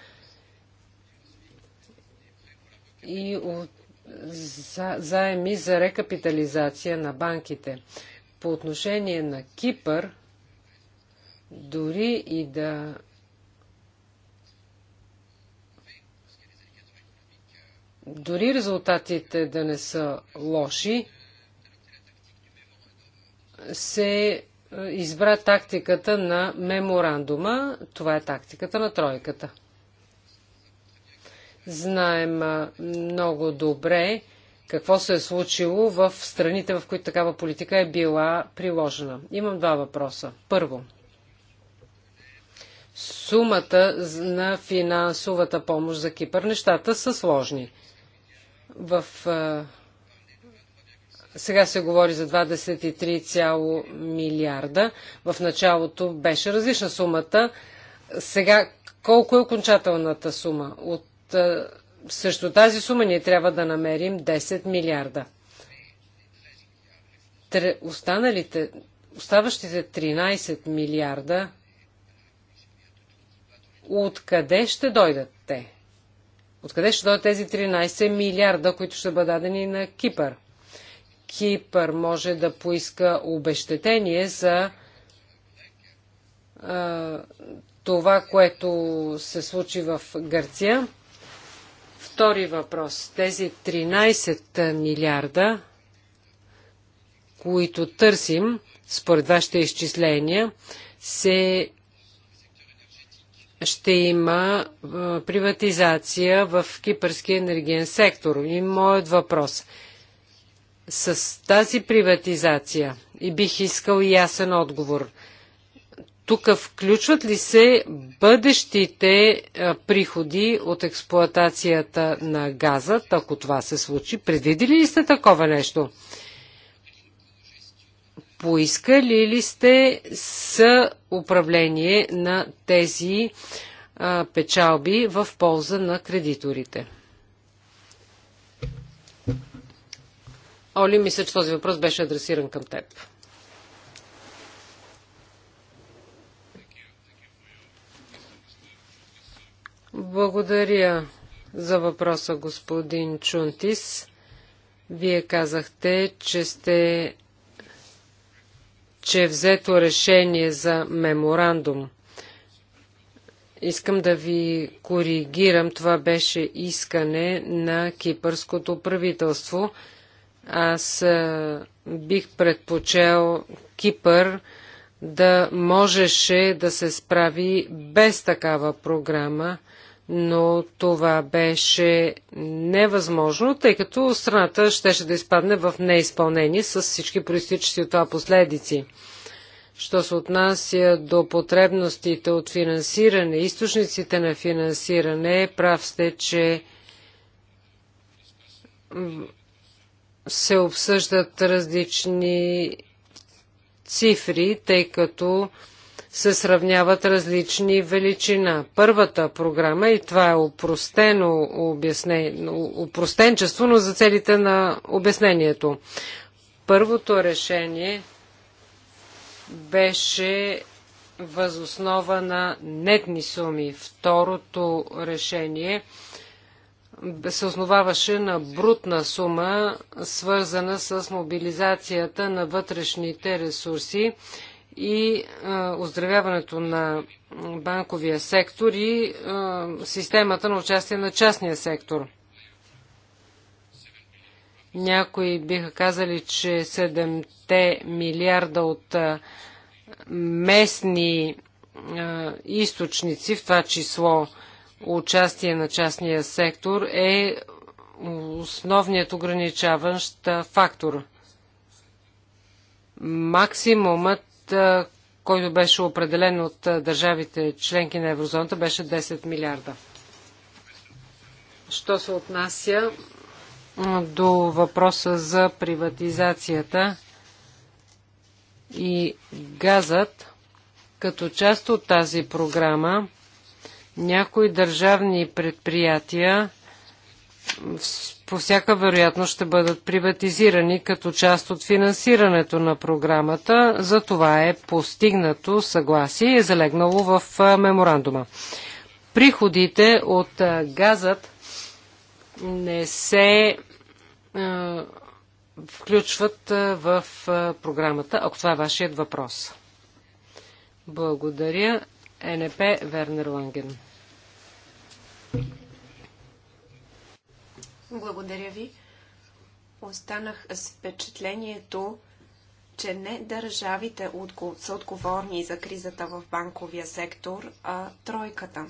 Speaker 1: и от, за, заеми за рекапитализация на банките. По отношение на Кипър, дори и да дори резултатите да не са лоши, се е, избра тактиката на меморандума. Това е тактиката на тройката. Знаем е, много добре какво се е случило в страните, в които такава политика е била приложена. Имам два въпроса. Първо – сумата на финансовата помощ за Кипър. Нещата са сложни. В, сега се говори за 23, милиарда. В началото беше различна сумата. Сега колко е окончателната сума? От също тази сума ние трябва да намерим 10 милиарда. Тре, останалите, оставащите 13 милиарда откъде ще дойдат те? Откъде ще дойдат тези 13 милиарда, които ще бъдат дадени на Кипър? Кипър може да поиска обещетение за а, това, което се случи в Гърция. Втори въпрос. Тези 13 милиарда, които търсим, според вашите изчисления, се ще има приватизация в кипърския енергиен сектор. И моят въпрос с тази приватизация и бих искал ясен отговор. Тук включват ли се бъдещите приходи от експлоатацията на газа, ако това се случи? Предвидели ли сте такова нещо? Поискали ли сте с управление на тези а, печалби в полза на кредиторите? Оли, мисля, че този въпрос беше адресиран към теб. Благодаря за въпроса, господин Чунтис. Вие казахте, че сте че е взето решение за меморандум. Искам да ви коригирам. Това беше искане на кипърското правителство. Аз бих предпочел Кипър да можеше да се справи без такава програма но това беше невъзможно, тъй като страната щеше да изпадне в неизпълнение с всички проистичащи от това последици. Що се отнася до потребностите от финансиране, източниците на финансиране, прав сте, че се обсъждат различни цифри, тъй като се сравняват различни величина. Първата програма, и това е упростено обяснение, упростенчество, но за целите на обяснението. Първото решение беше възоснова на нетни суми. Второто решение се основаваше на брутна сума, свързана с мобилизацията на вътрешните ресурси и а, оздравяването на банковия сектор и а, системата на участие на частния сектор. Някои биха казали, че 7 милиарда от а, местни а, източници, в това число участие на частния сектор, е основният ограничаващ фактор. Максимумът който беше определен от държавите членки на еврозоната, беше 10 милиарда. Що се отнася до въпроса за приватизацията и газът, като част от тази програма, някои държавни предприятия по всяка вероятност ще бъдат приватизирани като част от финансирането на програмата. За това е постигнато съгласие и е залегнало в меморандума. Приходите от газът не се включват в програмата, ако това е вашият въпрос. Благодаря. Е НП Вернер Ланген.
Speaker 2: Благодаря ви. Останах с впечатлението, че не държавите са отговорни за кризата в банковия сектор, а тройката.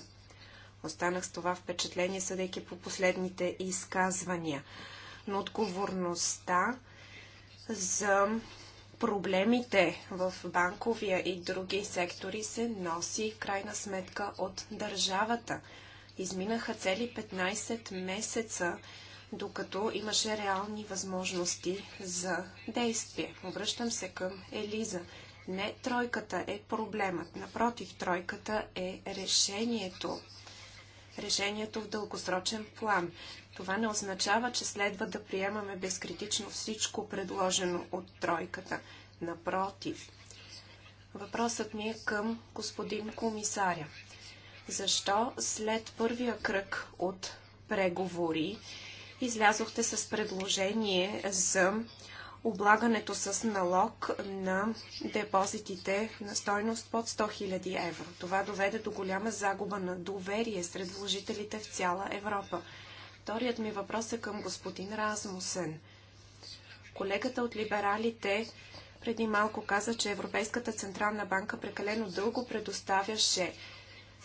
Speaker 2: Останах с това впечатление, съдейки по последните изказвания. Но отговорността за проблемите в банковия и други сектори се носи в крайна сметка от държавата. Изминаха цели 15 месеца докато имаше реални възможности за действие. Обръщам се към Елиза. Не тройката е проблемът. Напротив, тройката е решението. Решението в дългосрочен план. Това не означава, че следва да приемаме безкритично всичко предложено от тройката. Напротив. Въпросът ми е към господин комисаря. Защо след първия кръг от преговори излязохте с предложение за облагането с налог на депозитите на стойност под 100 000 евро. Това доведе до голяма загуба на доверие сред вложителите в цяла Европа. Вторият ми въпрос е към господин Размусен. Колегата от либералите преди малко каза, че Европейската Централна банка прекалено дълго предоставяше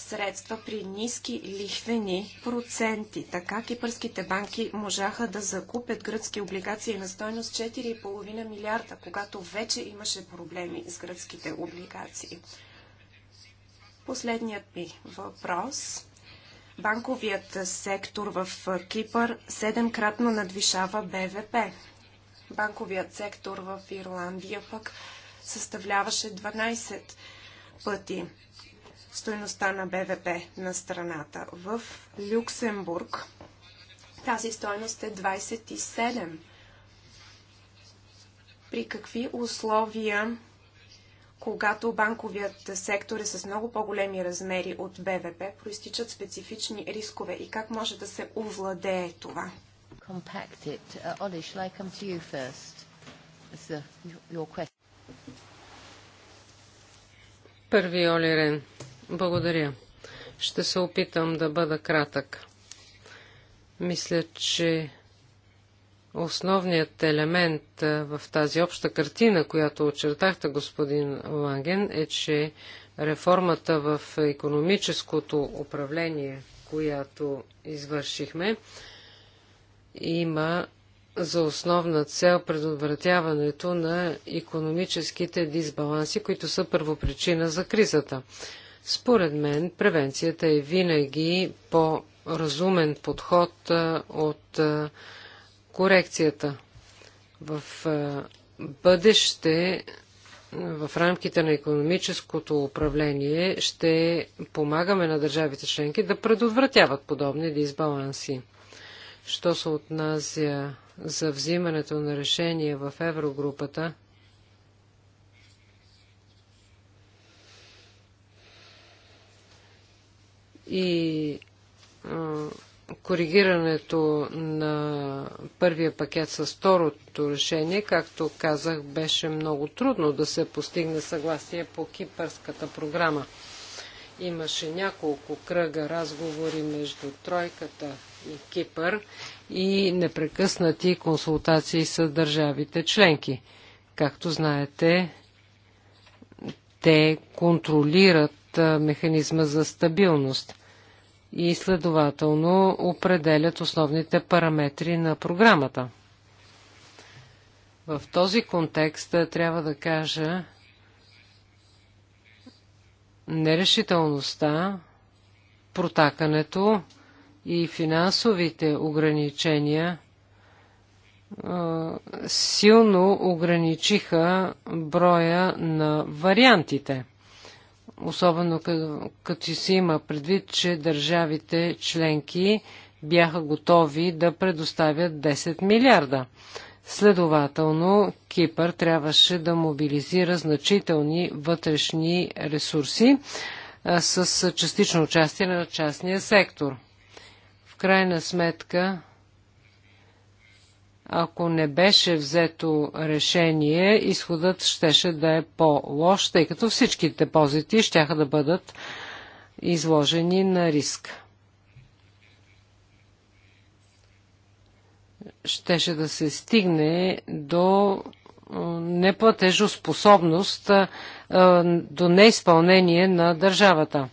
Speaker 2: средства при ниски лихвени проценти. Така кипърските банки можаха да закупят гръцки облигации на стойност 4,5 милиарда, когато вече имаше проблеми с гръцките облигации. Последният ми въпрос. Банковият сектор в Кипър седемкратно надвишава БВП. Банковият сектор в Ирландия пък съставляваше 12 пъти стоеността на БВП на страната. В Люксембург тази стоеност е 27. При какви условия, когато банковият сектор е с много по-големи размери от БВП, проистичат специфични рискове и как може да се овладее това?
Speaker 1: Uh, Първи Олирен. Благодаря. Ще се опитам да бъда кратък. Мисля, че основният елемент в тази обща картина, която очертахте, господин Ланген, е, че реформата в економическото управление, която извършихме, има за основна цел предотвратяването на економическите дисбаланси, които са първопричина за кризата. Според мен превенцията е винаги по-разумен подход от корекцията. В бъдеще в рамките на економическото управление ще помагаме на държавите членки да предотвратяват подобни дисбаланси. Що се отнася за взимането на решение в Еврогрупата, и коригирането на първия пакет с второто решение, както казах, беше много трудно да се постигне съгласие по кипърската програма. Имаше няколко кръга разговори между тройката и Кипър и непрекъснати консултации с държавите членки. Както знаете, те контролират механизма за стабилност – и следователно определят основните параметри на програмата. В този контекст е, трябва да кажа нерешителността, протакането и финансовите ограничения е, силно ограничиха броя на вариантите особено като, като си има предвид, че държавите членки бяха готови да предоставят 10 милиарда. Следователно, Кипър трябваше да мобилизира значителни вътрешни ресурси а, с частично участие на частния сектор. В крайна сметка, ако не беше взето решение, изходът щеше да е по-лош, тъй като всички депозити ще да бъдат изложени на риск. Щеше да се стигне до неплатежоспособност до неизпълнение на държавата.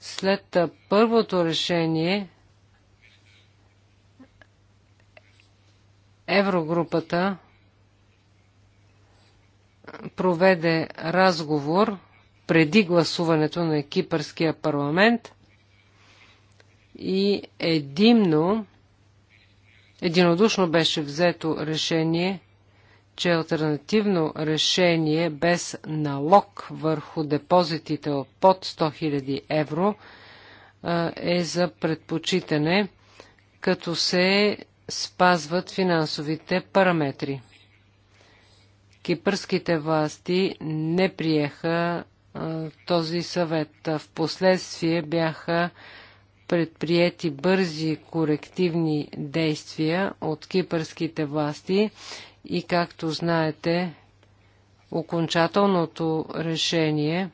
Speaker 1: След първото решение Еврогрупата проведе разговор преди гласуването на Кипърския парламент и единно единодушно беше взето решение, че альтернативно решение без налог върху депозитите от под 100 000 евро е за предпочитане, като се спазват финансовите параметри. Кипърските власти не приеха а, този съвет. В последствие бяха предприяти бързи корективни действия от кипърските власти и, както знаете, окончателното решение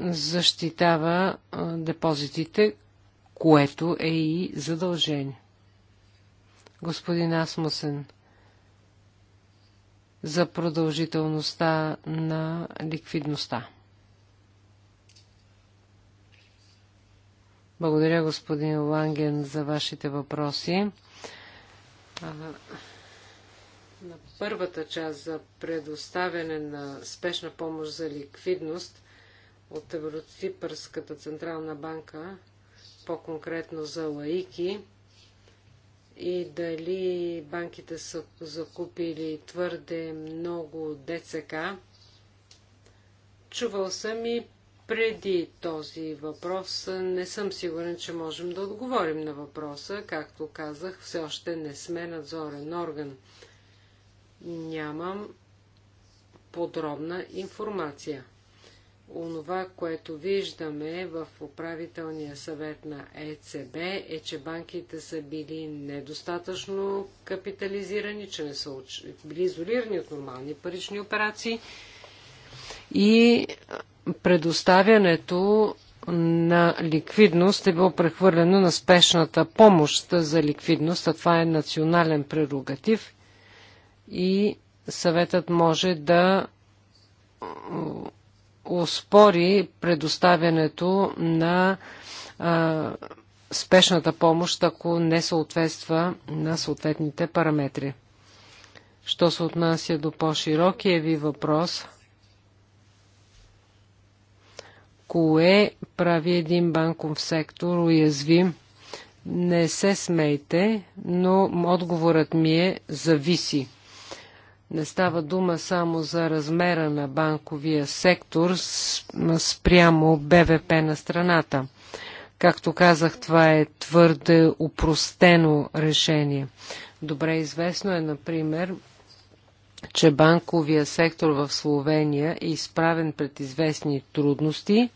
Speaker 1: защитава депозитите, което е и задължение. Господин Асмусен, за продължителността на ликвидността. Благодаря, господин Ланген, за вашите въпроси. На първата част за предоставяне на спешна помощ за ликвидност от Евроципърската централна банка по-конкретно за лаики и дали банките са закупили твърде много ДЦК. Чувал съм и преди този въпрос. Не съм сигурен, че можем да отговорим на въпроса. Както казах, все още не сме надзорен орган. Нямам подробна информация онова, което виждаме в управителния съвет на ЕЦБ е, че банките са били недостатъчно капитализирани, че не са били изолирани от нормални парични операции и предоставянето на ликвидност е било прехвърлено на спешната помощ за ликвидност, а това е национален прерогатив и съветът може да успори предоставянето на спешната помощ, ако не съответства на съответните параметри. Що се отнася до по-широкия ви въпрос, кое прави един банков сектор уязвим? Не се смейте, но отговорът ми е зависи. Не става дума само за размера на банковия сектор спрямо БВП на страната. Както казах, това е твърде упростено решение. Добре известно е, например, че банковия сектор в Словения е изправен пред известни трудности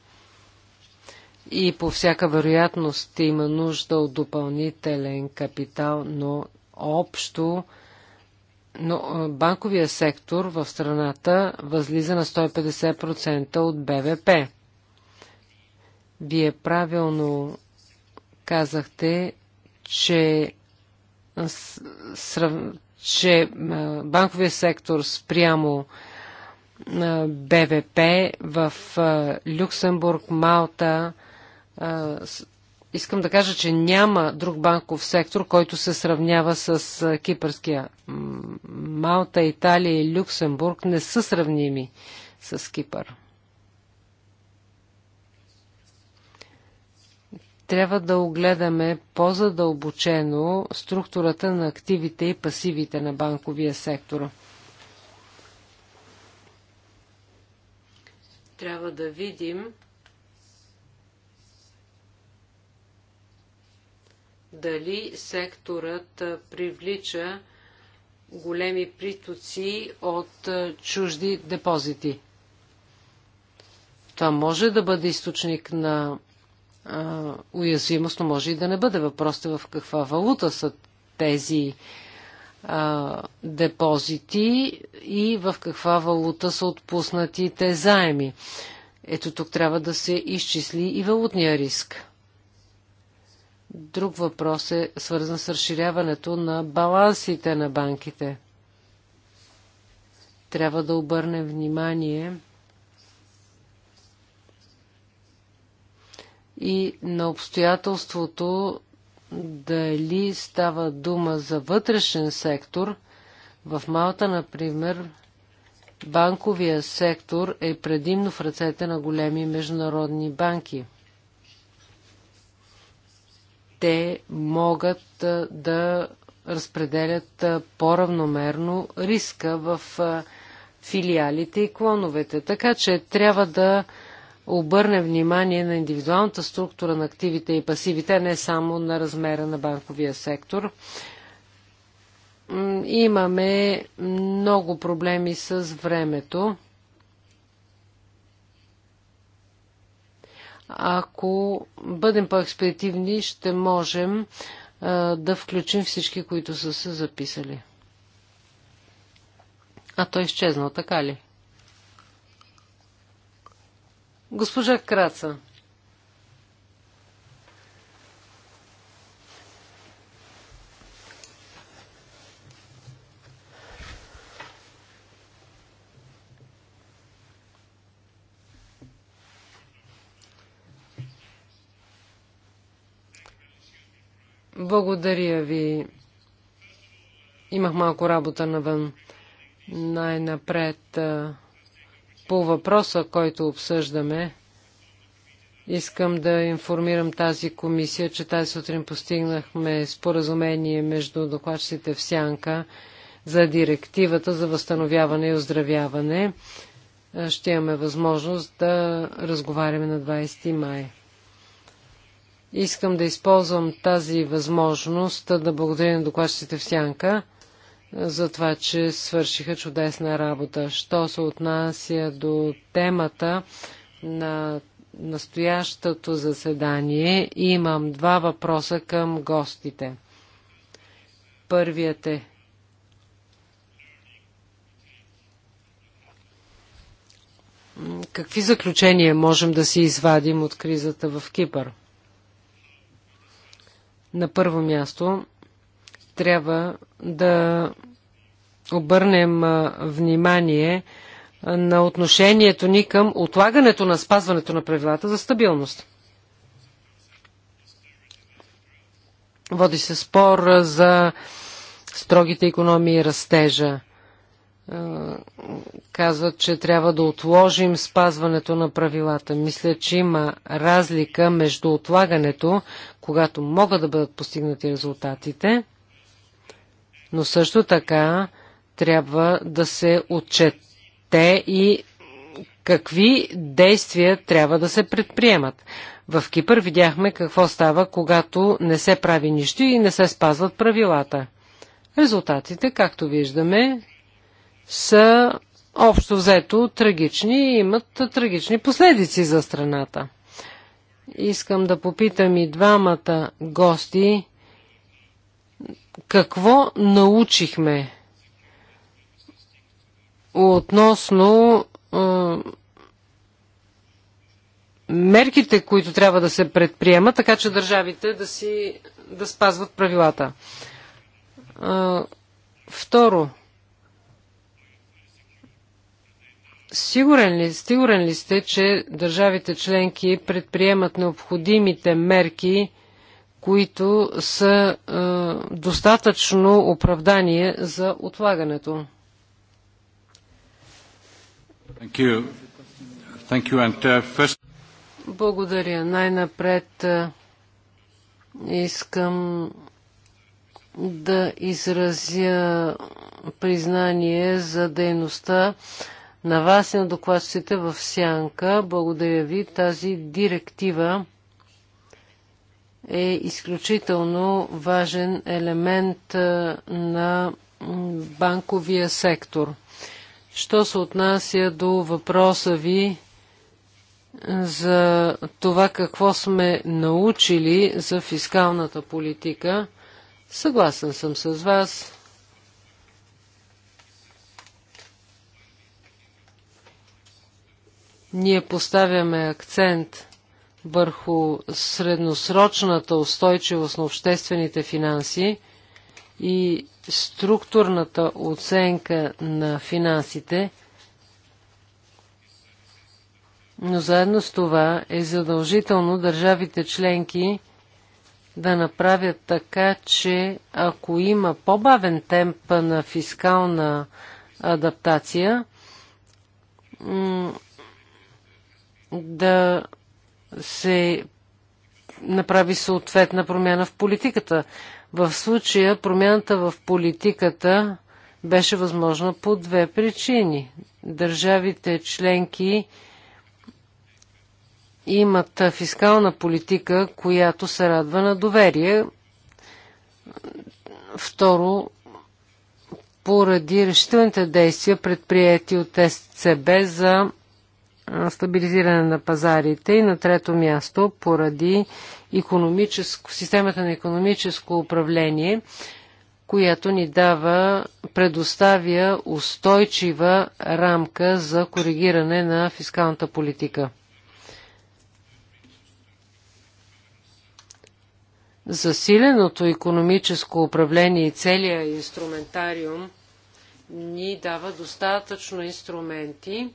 Speaker 1: и по всяка вероятност има нужда от допълнителен капитал, но общо но банковия сектор в страната възлиза на 150% от БВП. Вие правилно казахте, че, че банковия сектор спрямо БВП в Люксембург, Малта, Искам да кажа, че няма друг банков сектор, който се сравнява с кипърския. Малта, Италия и Люксембург не са сравними с Кипър. Трябва да огледаме по-задълбочено структурата на активите и пасивите на банковия сектор. Трябва да видим дали секторът привлича големи притоци от чужди депозити. Това може да бъде източник на а, уязвимост, но може и да не бъде. Въпросът е в каква валута са тези а, депозити и в каква валута са отпуснатите заеми. Ето тук трябва да се изчисли и валутния риск. Друг въпрос е свързан с разширяването на балансите на банките. Трябва да обърнем внимание и на обстоятелството дали става дума за вътрешен сектор. В Малта, например, банковия сектор е предимно в ръцете на големи международни банки – те могат да разпределят по-равномерно риска в филиалите и клоновете. Така че трябва да обърне внимание на индивидуалната структура на активите и пасивите, не само на размера на банковия сектор. Имаме много проблеми с времето. Ако бъдем по-експедитивни, ще можем да включим всички, които са се записали. А той е изчезнал, така ли? Госпожа Краца. Благодаря ви. Имах малко работа навън. Най-напред по въпроса, който обсъждаме, искам да информирам тази комисия, че тази сутрин постигнахме споразумение между докладчиците в Сянка за директивата за възстановяване и оздравяване. Ще имаме възможност да разговаряме на 20 май. Искам да използвам тази възможност да благодаря на докладчиците в Сянка за това, че свършиха чудесна работа. Що се отнася до темата на настоящото заседание, имам два въпроса към гостите. Първият е Какви заключения можем да си извадим от кризата в Кипър? На първо място трябва да обърнем внимание на отношението ни към отлагането на спазването на правилата за стабилност. Води се спор за строгите економии и растежа. Е, казват, че трябва да отложим спазването на правилата. Мисля, че има разлика между отлагането, когато могат да бъдат постигнати резултатите, но също така трябва да се отчете и какви действия трябва да се предприемат. В Кипър видяхме какво става, когато не се прави нищо и не се спазват правилата. Резултатите, както виждаме, са общо взето трагични и имат трагични последици за страната. Искам да попитам и двамата гости какво научихме относно е, мерките, които трябва да се предприемат, така че държавите да си да спазват правилата. Е, второ, Сигурен ли, сигурен ли сте, че държавите членки предприемат необходимите мерки, които са е, достатъчно оправдание за отлагането?
Speaker 3: Thank you. Thank you. And, uh, first...
Speaker 1: Благодаря. Най-напред е, искам да изразя признание за дейността на вас и на докладците в Сянка. Благодаря ви. Тази директива е изключително важен елемент на банковия сектор. Що се отнася до въпроса ви за това какво сме научили за фискалната политика, съгласен съм с вас. Ние поставяме акцент върху средносрочната устойчивост на обществените финанси и структурната оценка на финансите, но заедно с това е задължително държавите членки да направят така, че ако има по-бавен темп на фискална адаптация, да се направи съответна промяна в политиката. В случая промяната в политиката беше възможна по две причини. Държавите членки имат фискална политика, която се радва на доверие. Второ, поради решителните действия, предприяти от СЦБ за стабилизиране на пазарите и на трето място поради системата на економическо управление, която ни дава, предоставя устойчива рамка за коригиране на фискалната политика. Засиленото економическо управление и целият инструментариум ни дава достатъчно инструменти,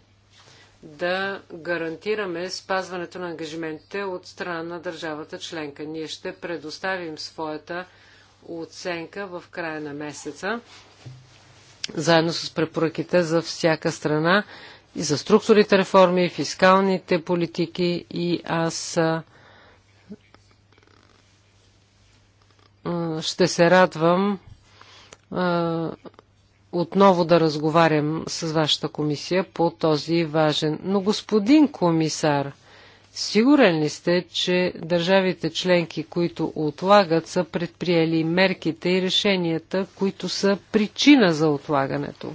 Speaker 1: да гарантираме спазването на ангажиментите от страна на държавата членка. Ние ще предоставим своята оценка в края на месеца, заедно с препоръките за всяка страна и за структурите реформи, фискалните политики и аз ще се радвам отново да разговарям с вашата комисия по този важен. Но господин комисар, сигурен ли сте, че държавите членки, които отлагат, са предприели мерките и решенията, които са причина за отлагането?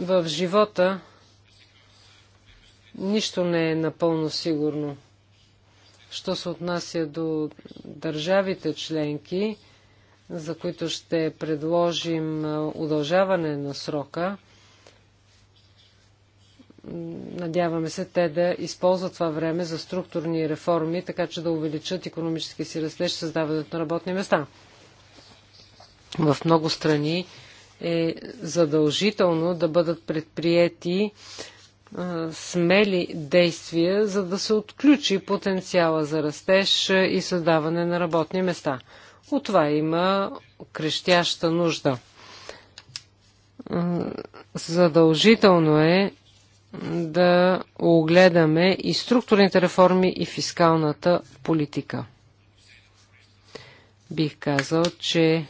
Speaker 1: В живота нищо не е напълно сигурно. Що се отнася до държавите членки, за които ще предложим удължаване на срока, надяваме се те да използват това време за структурни реформи, така че да увеличат економически си растеж, създаването на работни места. В много страни е задължително да бъдат предприяти смели действия, за да се отключи потенциала за растеж и създаване на работни места. От това има крещяща нужда. Задължително е да огледаме и структурните реформи и фискалната политика. Бих казал, че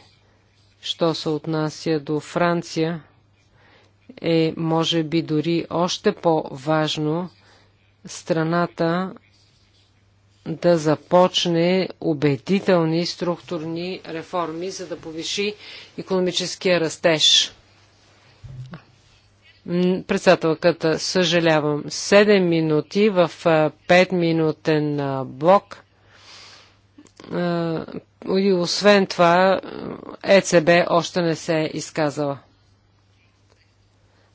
Speaker 1: що се отнася до Франция, е, може би, дори още по-важно страната да започне убедителни структурни реформи, за да повиши економическия растеж. Председателката, съжалявам, 7 минути в 5-минутен блок. И освен това, ЕЦБ още не се е изказала.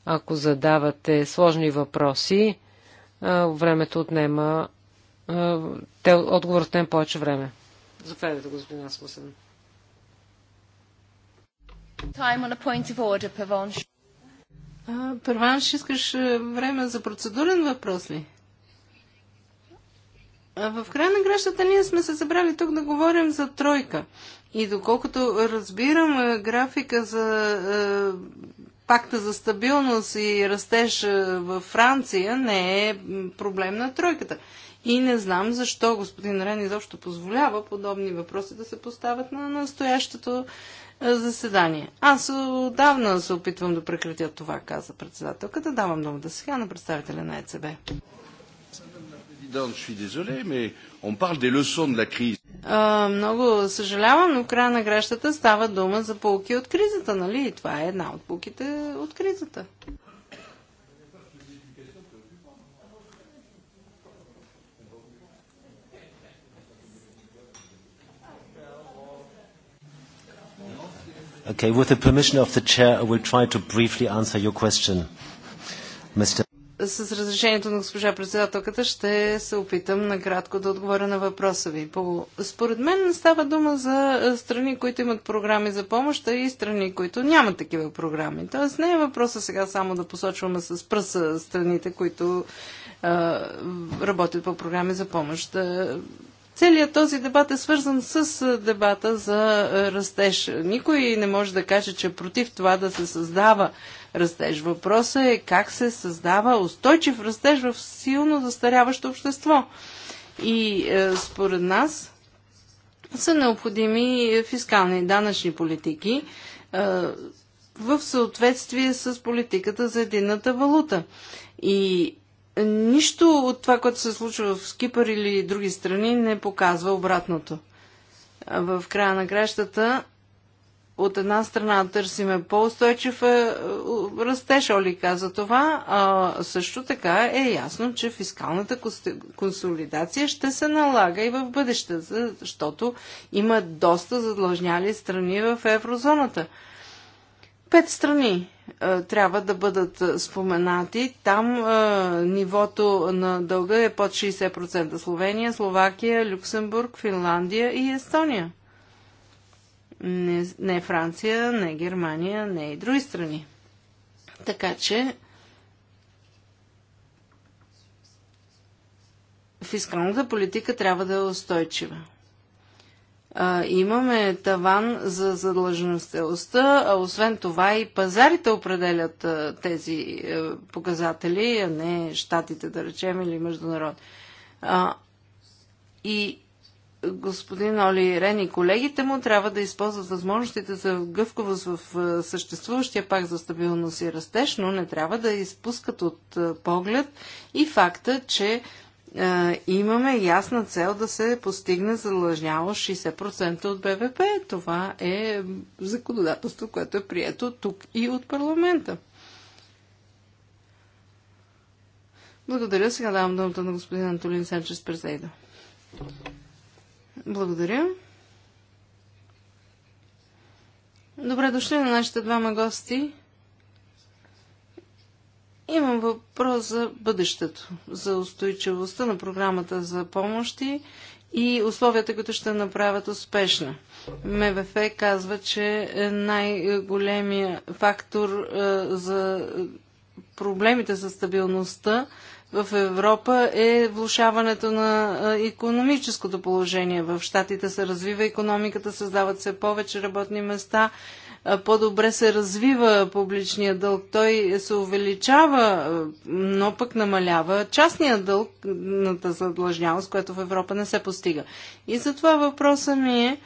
Speaker 1: Ако задавате сложни въпроси, времето отнема, те, отговорът отнема повече време. Заповядайте, господин Асмусен.
Speaker 3: Първанш, искаш време за процедурен въпрос ли? В края на грещата ние сме се забрали тук да говорим за тройка. И доколкото разбирам графика за пакта за стабилност и растеж е, във Франция не е проблем на тройката. И не знам защо господин Рен изобщо позволява подобни въпроси да се поставят на настоящото е, заседание. Аз отдавна се опитвам да прекратя това, каза председателката. Давам думата сега на представителя на ЕЦБ.
Speaker 2: On parle des leçons de la crise.
Speaker 3: А, много съжалявам, но в края на грещата става дума за полки от кризата, нали? Това е една от полките от кризата.
Speaker 1: Okay, with the permission of the chair, I will try to briefly answer your question, Mr
Speaker 3: с разрешението на госпожа председателката ще се опитам накратко да отговоря на въпроса ви. По... Според мен става дума за страни, които имат програми за помощ, а и страни, които нямат такива програми. Тоест не е въпроса сега само да посочваме с пръса страните, които а, работят по програми за помощ. Целият този дебат е свързан с дебата за растеж. Никой не може да каже, че е против това да се създава растеж. Въпросът е как се създава устойчив растеж в силно застаряващо общество. И е, според нас са необходими фискални и данъчни политики е, в съответствие с политиката за единната валута. И нищо от това, което се случва в Скипър или други страни, не показва обратното. Е, в края на кращата от една страна търсиме по-устойчив е, е, растеж, Оли каза това, а също така е ясно, че фискалната консолидация ще се налага и в бъдеще, защото има доста задлъжняли страни в еврозоната. Пет страни е, трябва да бъдат споменати. Там нивото на дълга е под 60% Словения, Словакия, Люксембург, Финландия и Естония. Не, не Франция, не Германия, не и други страни. Така че фискалната политика трябва да е устойчива. А, имаме таван за задлъжностелостта, а освен това и пазарите определят а, тези а, показатели, а не щатите, да речем, или международ. А, и господин Оли Рен и колегите му трябва да използват възможностите за гъвковост в съществуващия пак за стабилност и растеж, но не трябва да изпускат от поглед и факта, че е, имаме ясна цел да се постигне задлъжняво 60% от БВП. Това е законодателство, което е прието тук и от парламента. Благодаря. Сега давам думата на господин Антолин Санчес Презейда. Благодаря. Добре дошли на нашите двама гости. Имам въпрос за бъдещето, за устойчивостта на програмата за помощи и условията, които ще направят успешна. МВФ казва, че най-големия фактор е, за проблемите за стабилността в Европа е влушаването на економическото положение. В Штатите се развива економиката, създават се повече работни места, по-добре се развива публичния дълг. Той се увеличава, но пък намалява частния дълг на задлъжнялост, което в Европа не се постига. И затова въпросът ми е,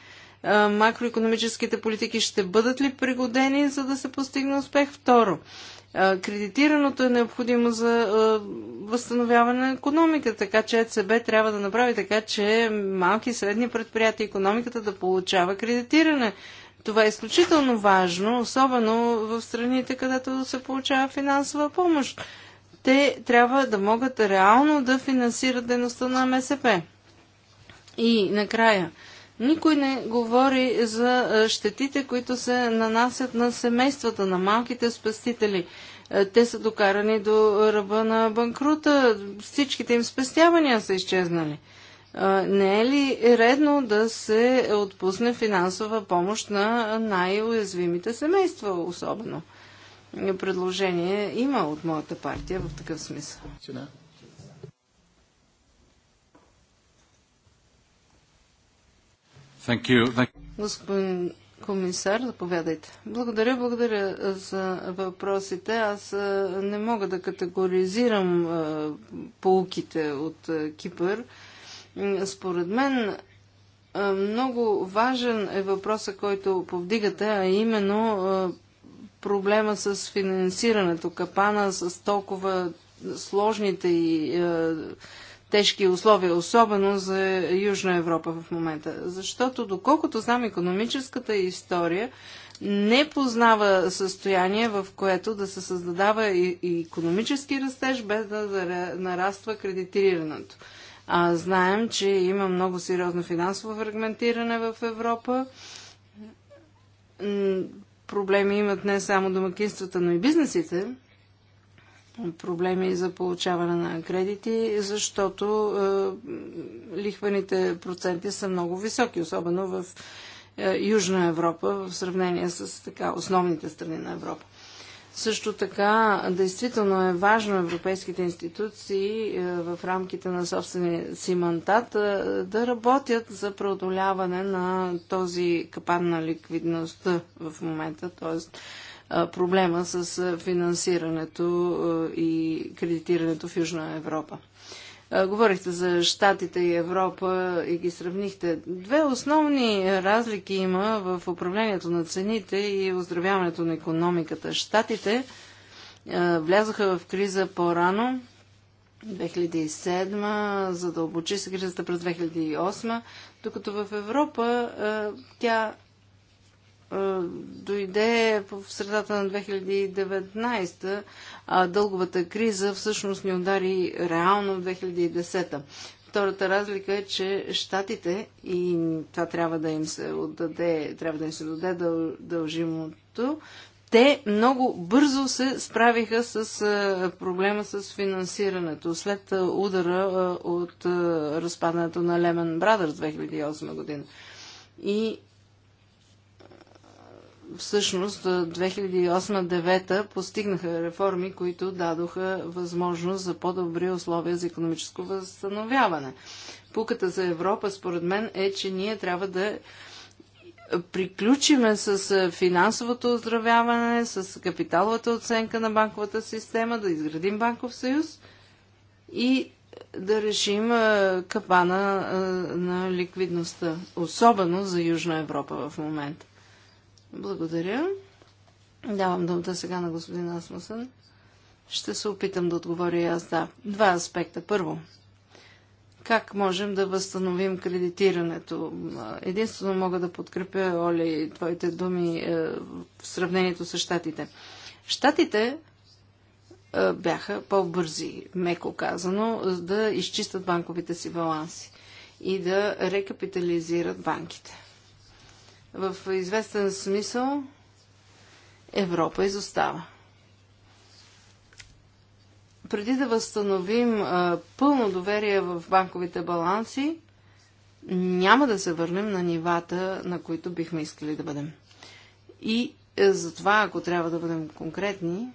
Speaker 3: макроекономическите политики ще бъдат ли пригодени, за да се постигне успех? Второ, Кредитирането е необходимо за възстановяване на економиката, така че ЕЦБ трябва да направи така, че малки и средни предприятия, економиката да получава кредитиране. Това е изключително важно, особено в страните, където се получава финансова помощ. Те трябва да могат реално да финансират дейността на МСП. И накрая – никой не говори за е, щетите, които се нанасят на семействата, на малките спестители. Е, те са докарани до ръба на банкрута, всичките им спестявания са изчезнали. Е, не е ли редно да се отпусне финансова помощ на най-уязвимите семейства, особено? Предложение има от моята партия в такъв смисъл. Thank you. Thank Господин комисар, заповядайте. Благодаря, благодаря за въпросите. Аз не мога да категоризирам полуките от Кипър. Според мен много важен е въпросът, който повдигате, а именно проблема с финансирането, капана с толкова сложните и тежки условия, особено за Южна Европа в момента. Защото, доколкото знам економическата история, не познава състояние, в което да се създадава и, економически растеж, без да, да нараства кредитирането. А, знаем, че има много сериозно финансово фрагментиране в Европа. Проблеми имат не само домакинствата, но и бизнесите проблеми за получаване на кредити, защото е, лихвените проценти са много високи, особено в е, Южна Европа, в сравнение с така, основните страни на Европа. Също така, действително е важно европейските институции е, в рамките на собствения си мандат е, да работят за преодоляване на този капан на ликвидността в момента, т.е проблема с финансирането и кредитирането в Южна Европа. Говорихте за Штатите и Европа и ги сравнихте. Две основни разлики има в управлението на цените и оздравяването на економиката. Штатите влязоха в криза по-рано, 2007, задълбочи се кризата през 2008, докато в Европа тя е, дойде в средата на 2019, а дълговата криза всъщност ни удари реално в 2010. Втората разлика е, че щатите, и това трябва да им се отдаде, трябва да им се даде дъл, дължимото, те много бързо се справиха с е, проблема с финансирането след е, удара от разпадането на Lehman Brothers 2008 година. И всъщност 2008-2009 постигнаха реформи, които дадоха възможност за по-добри условия за економическо възстановяване. Пуката за Европа, според мен, е, че ние трябва да приключиме с финансовото оздравяване, с капиталовата оценка на банковата система, да изградим банков съюз и да решим капана на ликвидността, особено за Южна Европа в момента. Благодаря. Давам думата сега на господин Асмусън. Ще се опитам да отговоря и аз да. Два аспекта. Първо, как можем да възстановим кредитирането? Единствено мога да подкрепя, Оли, твоите думи е, в сравнението с щатите. Штатите е, бяха по-бързи, меко казано, да изчистят банковите си баланси и да рекапитализират банките. В известен смисъл Европа изостава. Преди да възстановим а, пълно доверие в банковите баланси, няма да се върнем на нивата, на които бихме искали да бъдем. И е, затова, ако трябва да бъдем конкретни,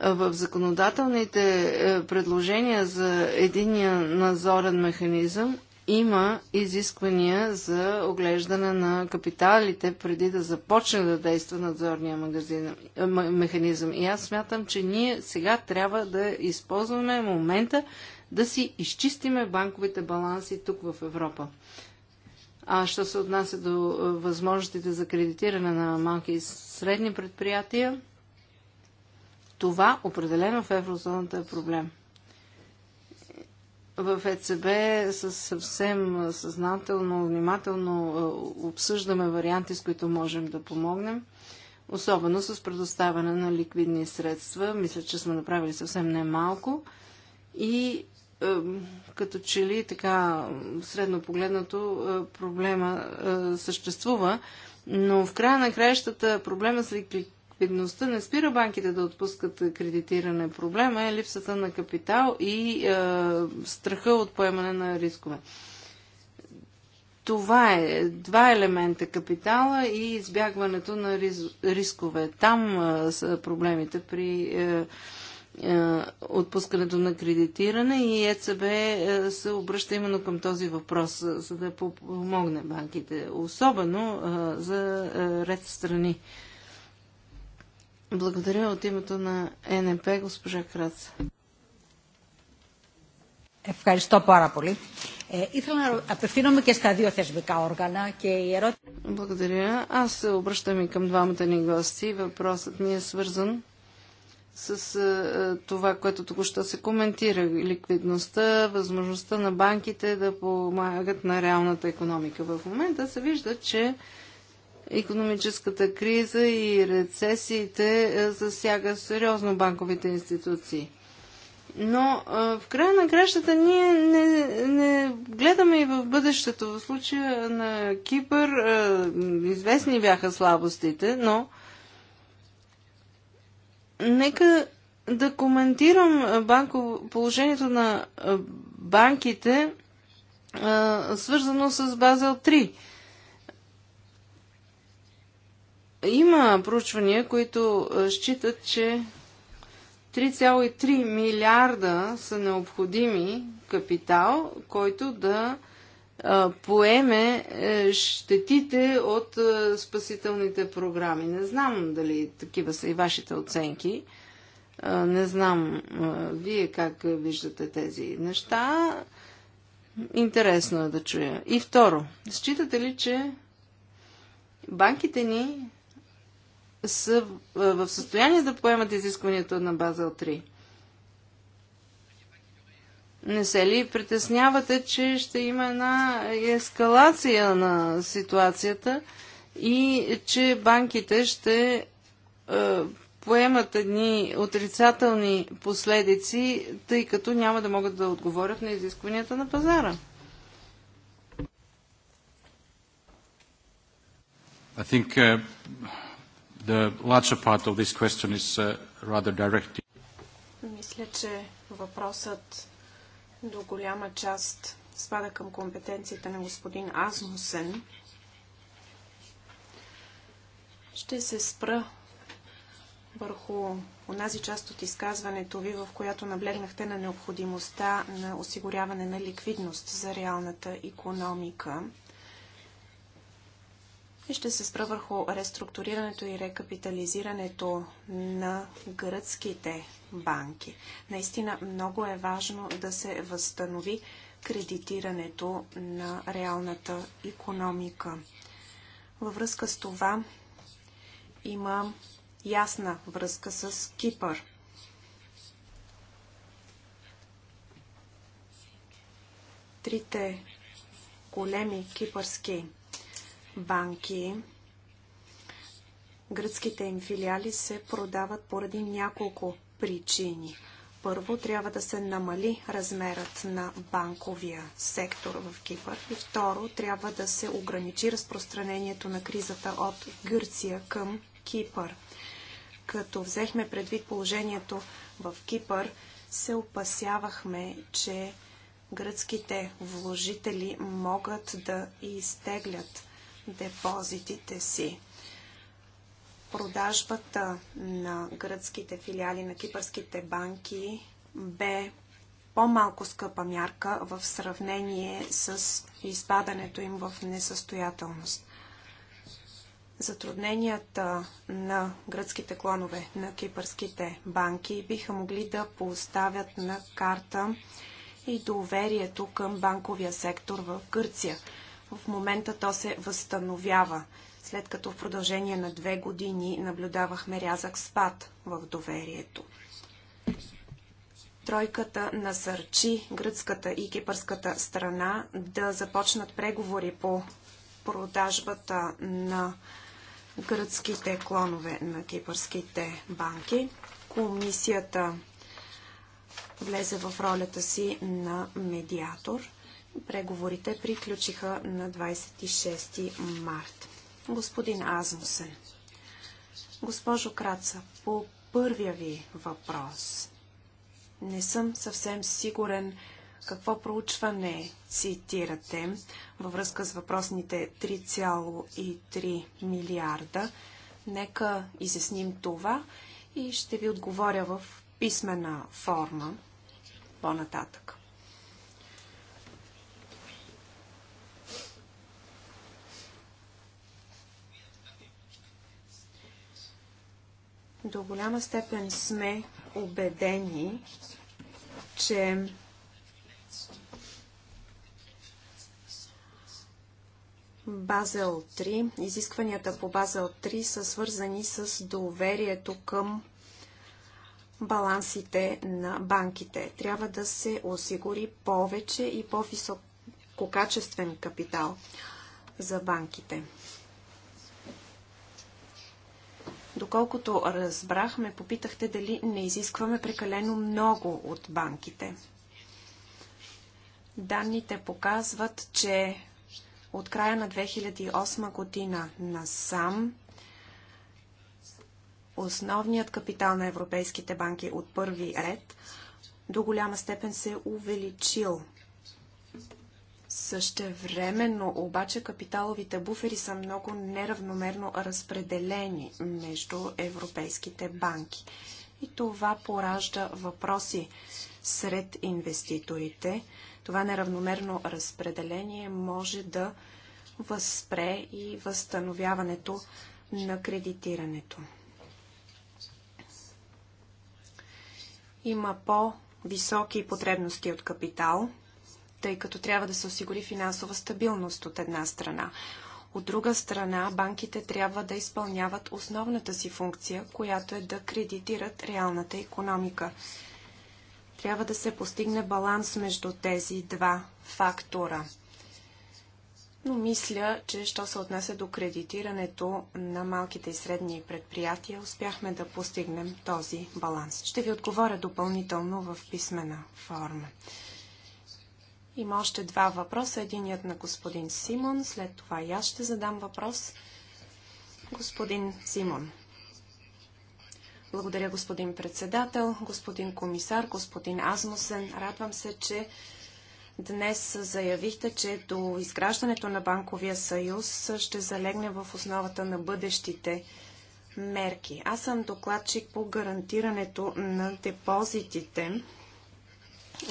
Speaker 3: в законодателните е, предложения за единия надзорен механизъм има изисквания за оглеждане на капиталите преди да започне да действа надзорния магазин, е, механизъм. И аз смятам, че ние сега трябва да използваме момента да си изчистиме банковите баланси тук в Европа. А що се отнася до е, възможностите за кредитиране на малки и средни предприятия, това определено в еврозоната е проблем. В ЕЦБ съвсем съзнателно, внимателно е, обсъждаме варианти, с които можем да помогнем, особено с предоставяне на ликвидни средства. Мисля, че сме направили съвсем немалко и е, като че ли така средно погледнато е, проблема съществува, но в края на краищата проблема с ликвидността бедността не спира банките да отпускат кредитиране. Проблема е липсата на капитал и е, страха от поемане на рискове. Това е два елемента капитала и избягването на риз, рискове. Там е, са проблемите при е, е, отпускането на кредитиране и ЕЦБ е, се обръща именно към този въпрос, е, за да помогне банките, особено е, за е, ред страни благодаря от името на ЕНП, госпожа Краца.
Speaker 1: Ευχαριστώ πάρα πολύ.
Speaker 3: Ε, ήθελα να απευθύνομαι και στα δύο θεσμικά όργανα και η ερώτηση... Благодаря. Аз се обръщам и към двамата ни гости. Въпросът ми е свързан с а, е, е, това, което току-що се коментира. Ликвидността, възможността на банките да помагат на реалната економика. В момента се вижда, че а, Економическата криза и рецесиите е, засяга сериозно банковите институции. Но е, в края на кращата ние не, не гледаме и в бъдещето. В случая на Кипър е, известни бяха слабостите, но нека да коментирам банков, положението на банките, свързано с Базел 3. Има проучвания, които считат, че 3,3 милиарда са необходими капитал, който да поеме е, щетите от спасителните програми. Не знам дали такива са и вашите оценки. Не знам вие как виждате тези неща. Интересно е да чуя. И второ, считате ли, че банките ни са е, в състояние да поемат изискването на Базел 3? Не се ли притеснявате, че ще има една ескалация на ситуацията и че банките ще е, поемат едни отрицателни последици, тъй като няма да могат да отговорят на изискванията на пазара? I think, uh
Speaker 1: larger part of this question is uh, rather
Speaker 2: Мисля, че въпросът до голяма част спада към компетенцията на господин Азмусен. Ще се спра върху онази част от изказването ви, в която наблегнахте на необходимостта на осигуряване на ликвидност за реалната економика и ще се спра върху реструктурирането и рекапитализирането на гръцките банки. Наистина много е важно да се възстанови кредитирането на реалната економика. Във връзка с това има ясна връзка с Кипър. Трите големи кипърски банки, гръцките им филиали се продават поради няколко причини. Първо, трябва да се намали размерът на банковия сектор в Кипър. И второ, трябва да се ограничи разпространението на кризата от Гърция към Кипър. Като взехме предвид положението в Кипър, се опасявахме, че гръцките вложители могат да изтеглят депозитите си. Продажбата на гръцките филиали на кипърските банки бе по-малко скъпа мярка в сравнение с изпадането им в несъстоятелност. Затрудненията на гръцките клонове на кипърските банки биха могли да поставят на карта и доверието към банковия сектор в Гърция. В момента то се възстановява, след като в продължение на две години наблюдавахме рязък спад в доверието. Тройката насърчи гръцката и кипърската страна да започнат преговори по продажбата на гръцките клонове на кипърските банки. Комисията влезе в ролята си на медиатор. Преговорите приключиха на 26 март. Господин Азмусен, госпожо Краца, по първия ви въпрос не съм съвсем сигурен какво проучване цитирате във връзка с въпросните 3,3 милиарда. Нека изясним това и ще ви отговоря в писмена форма по-нататък. До голяма степен сме убедени, че Базел 3, изискванията по Базел 3 са свързани с доверието към балансите на банките. Трябва да се осигури повече и по-висококачествен капитал за банките. Доколкото разбрахме, попитахте дали не изискваме прекалено много от банките. Данните показват, че от края на 2008 година насам основният капитал на европейските банки от първи ред до голяма степен се е увеличил. Същевременно обаче капиталовите буфери са много неравномерно разпределени между европейските банки. И това поражда въпроси сред инвеститорите. Това неравномерно разпределение може да възпре и възстановяването на кредитирането. Има по-високи потребности от капитал – тъй като трябва да се осигури финансова стабилност от една страна. От друга страна, банките трябва да изпълняват основната си функция, която е да кредитират реалната економика. Трябва да се постигне баланс между тези два фактора. Но мисля, че що се отнесе до кредитирането на малките и средни предприятия, успяхме да постигнем този баланс. Ще ви отговоря допълнително в писмена форма. Има още два въпроса. Единият на господин Симон, след това и аз ще задам въпрос. Господин Симон. Благодаря, господин председател, господин комисар, господин Азмусен. Радвам се, че днес заявихте, че до изграждането на Банковия съюз ще залегне в основата на бъдещите мерки. Аз съм докладчик по гарантирането на депозитите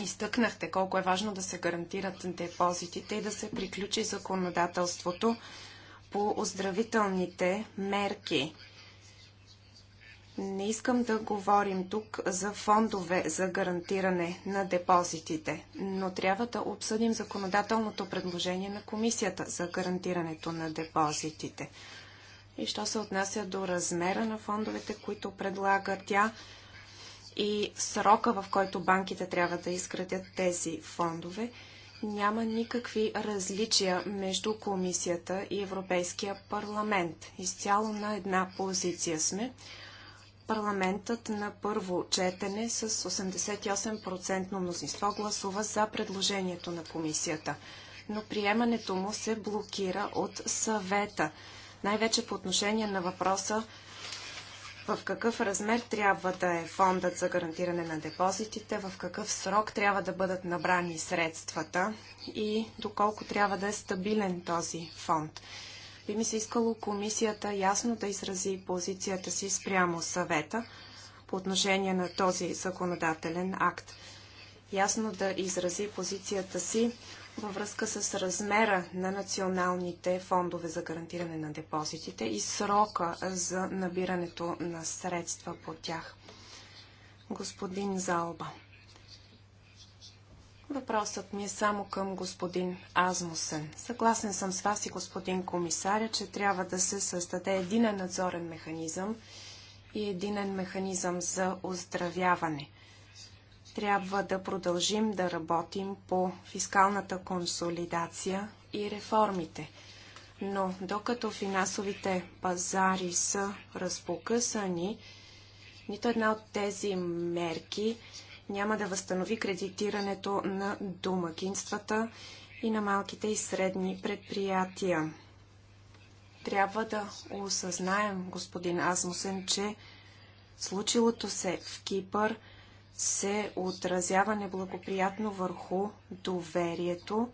Speaker 2: изтъкнахте колко е важно да се гарантират депозитите и да се приключи законодателството по оздравителните мерки. Не искам да говорим тук за фондове за гарантиране на депозитите, но трябва да обсъдим законодателното предложение на комисията за гарантирането на депозитите. И що се отнася до размера на фондовете, които предлага тя, и срока, в който банките трябва да изградят тези фондове, няма никакви различия между комисията и Европейския парламент. Изцяло на една позиция сме. Парламентът на първо четене с 88% мнозинство гласува за предложението на комисията, но приемането му се блокира от съвета. Най-вече по отношение на въпроса в какъв размер трябва да е фондът за гарантиране на депозитите, в какъв срок трябва да бъдат набрани средствата и доколко трябва да е стабилен този фонд. Би ми се искало комисията ясно да изрази позицията си спрямо съвета по отношение на този законодателен акт. Ясно да изрази позицията си във връзка с размера на националните фондове за гарантиране на депозитите и срока за набирането на средства по тях. Господин Залба. Въпросът ми е само към господин Азмусен. Съгласен съм с вас и господин комисаря, че трябва да се създаде единен надзорен механизъм и единен механизъм за оздравяване трябва да продължим да работим по фискалната консолидация и реформите. Но докато финансовите пазари са разпокъсани, нито една от тези мерки няма да възстанови кредитирането на домакинствата и на малките и средни предприятия. Трябва да осъзнаем, господин Азмусен, че случилото се в Кипър – се отразява неблагоприятно върху доверието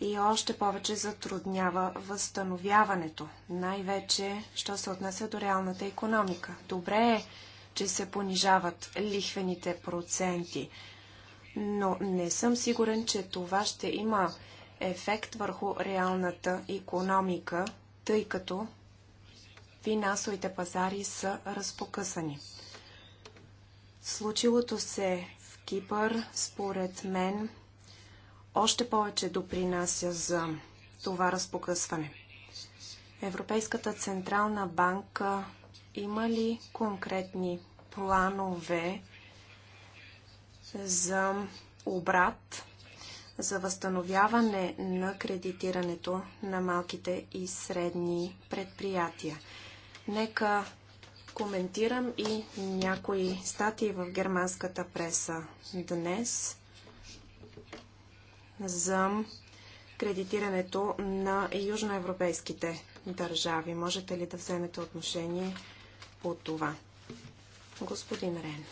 Speaker 2: и още повече затруднява възстановяването, най-вече, що се отнася до реалната економика. Добре е, че се понижават лихвените проценти, но не съм сигурен, че това ще има ефект върху реалната економика, тъй като финансовите пазари са разпокъсани. Случилото се в Кипър, според мен, още повече допринася за това разпокъсване. Европейската централна банка има ли конкретни планове за обрат, за възстановяване на кредитирането на малките и средни предприятия? Нека коментирам и някои статии в германската преса днес за кредитирането на южноевропейските държави. Можете ли да вземете отношение по това? Господин Рен.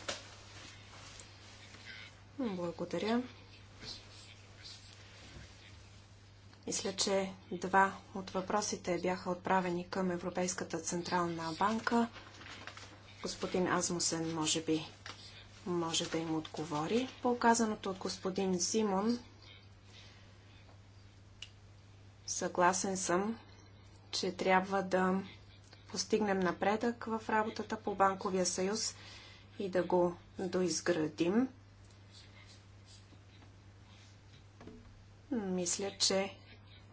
Speaker 2: Благодаря. Мисля, че два от въпросите бяха отправени към Европейската Централна банка. Господин Азмусен, може би, може да им отговори. По казаното от господин Симон, съгласен съм, че трябва да постигнем напредък в работата по Банковия съюз и да го доизградим. Мисля, че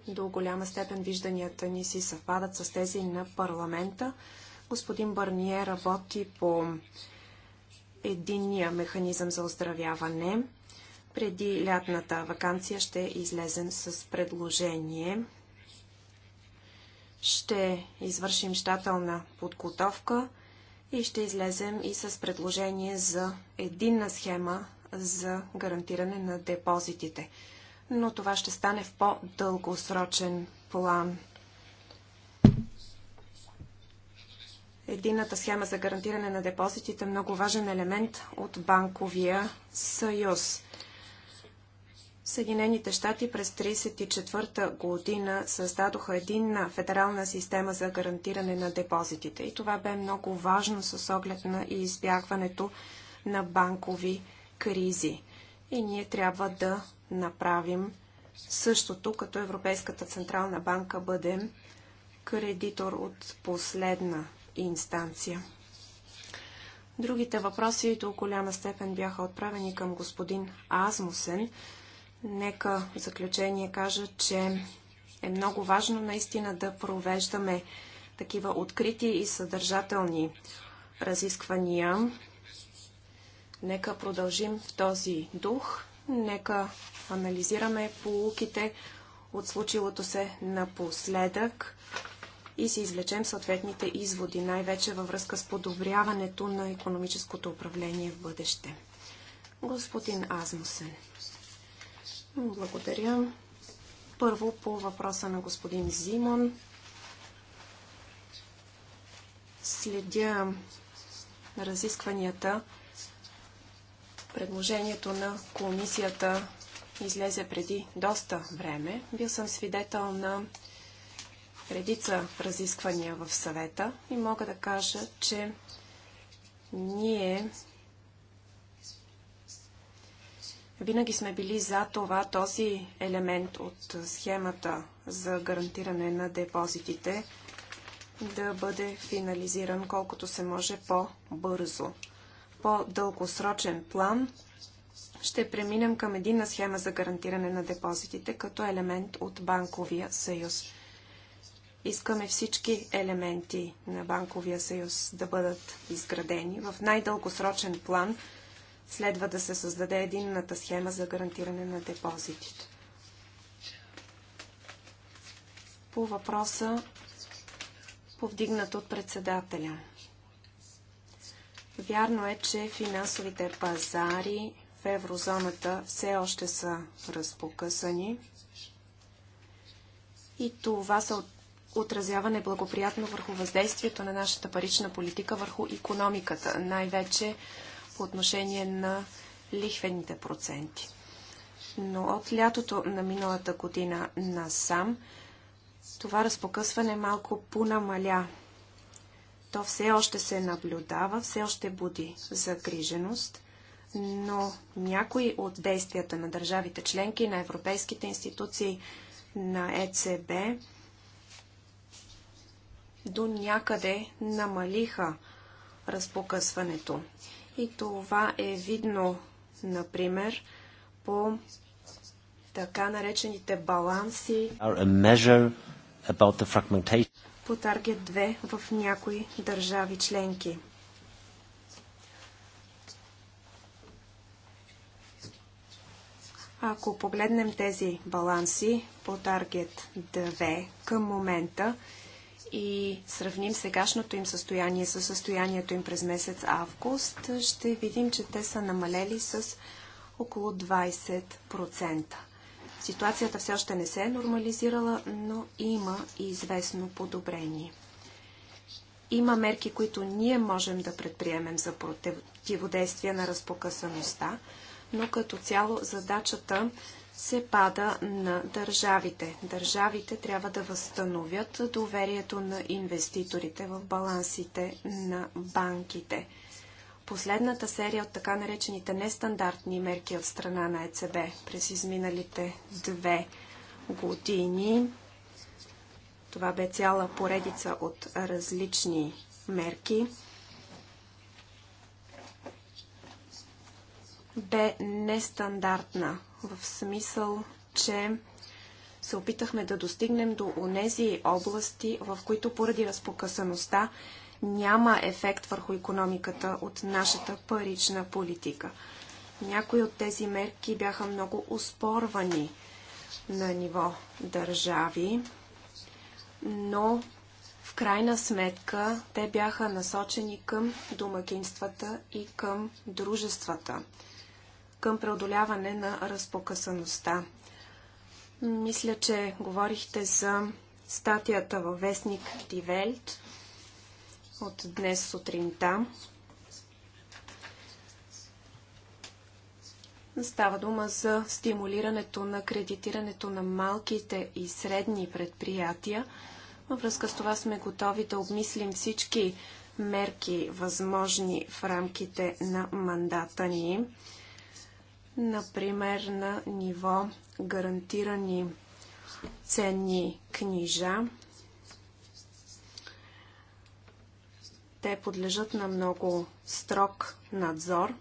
Speaker 2: до голяма степен вижданията ни си съвпадат с тези на парламента. Господин Барние работи по единния механизъм за оздравяване. Преди лятната вакансия ще е излезем с предложение. Ще извършим щателна подготовка и ще излезем и с предложение за единна схема за гарантиране на депозитите. Но това ще стане в по-дългосрочен план. Едината схема за гарантиране на депозитите е много важен елемент от банковия съюз. Съединените щати през 1934-та година създадоха единна федерална система за гарантиране на депозитите. И това бе много важно с оглед на избягването на банкови кризи. И ние трябва да направим същото, като Европейската Централна банка бъде кредитор от последна инстанция. Другите въпроси до голяма степен бяха отправени към господин Азмусен. Нека в заключение кажа, че е много важно наистина да провеждаме такива открити и съдържателни разисквания. Нека продължим в този дух. Нека анализираме полуките от случилото се напоследък и си извлечем съответните изводи, най-вече във връзка с подобряването на економическото управление в бъдеще. Господин Азмусен. Благодаря. Първо по въпроса на господин Зимон. Следя разискванията. Предложението на комисията излезе преди доста време. Бил съм свидетел на редица разисквания в съвета и мога да кажа, че ние винаги сме били за това този елемент от схемата за гарантиране на депозитите да бъде финализиран колкото се може по-бързо. По-дългосрочен план ще преминем към единна схема за гарантиране на депозитите като елемент от банковия съюз. Искаме всички елементи на Банковия съюз да бъдат изградени. В най-дългосрочен план следва да се създаде единната схема за гарантиране на депозитите. По въпроса, повдигнат от председателя. Вярно е, че финансовите пазари в еврозоната все още са разпокъсани. И това от отразява неблагоприятно върху въздействието на нашата парична политика върху економиката, най-вече по отношение на лихвените проценти. Но от лятото на миналата година насам, това разпокъсване малко понамаля. То все още се наблюдава, все още буди загриженост, но някои от действията на държавите членки, на европейските институции, на ЕЦБ – до някъде намалиха разпокъсването. И това е видно, например, по така наречените баланси по Таргет 2 в някои държави членки. Ако погледнем тези баланси по Target 2 към момента, и сравним сегашното им състояние с състоянието им през месец август, ще видим, че те са намалели с около 20%. Ситуацията все още не се е нормализирала, но има и известно подобрение. Има мерки, които ние можем да предприемем за противодействие на разпокъсаността, но като цяло задачата се пада на държавите. Държавите трябва да възстановят доверието на инвеститорите в балансите на банките. Последната серия от така наречените нестандартни мерки от страна на ЕЦБ през изминалите две години. Това бе цяла поредица от различни мерки. бе нестандартна в смисъл, че се опитахме да достигнем до онези области, в които поради разпокъсаността няма ефект върху економиката от нашата парична политика. Някои от тези мерки бяха много успорвани на ниво държави, но в крайна сметка те бяха насочени към домакинствата и към дружествата към преодоляване на разпокъсаността. Мисля, че говорихте за статията във вестник Дивелт от днес сутринта. Става дума за стимулирането на кредитирането на малките и средни предприятия. Във връзка с това сме готови да обмислим всички мерки, възможни в рамките на мандата ни например на ниво гарантирани ценни книжа. Те подлежат на много строг надзор.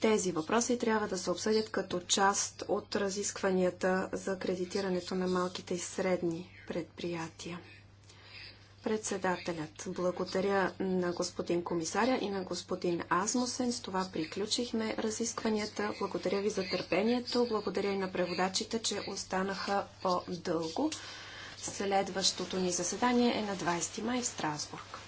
Speaker 2: Тези въпроси трябва да се обсъдят като част от разискванията за кредитирането на малките и средни предприятия. Председателят, благодаря на господин комисаря и на господин Азмусен. С това приключихме разискванията. Благодаря ви за търпението. Благодаря и на преводачите, че останаха по-дълго. Следващото ни заседание е на 20 май в Страсбург.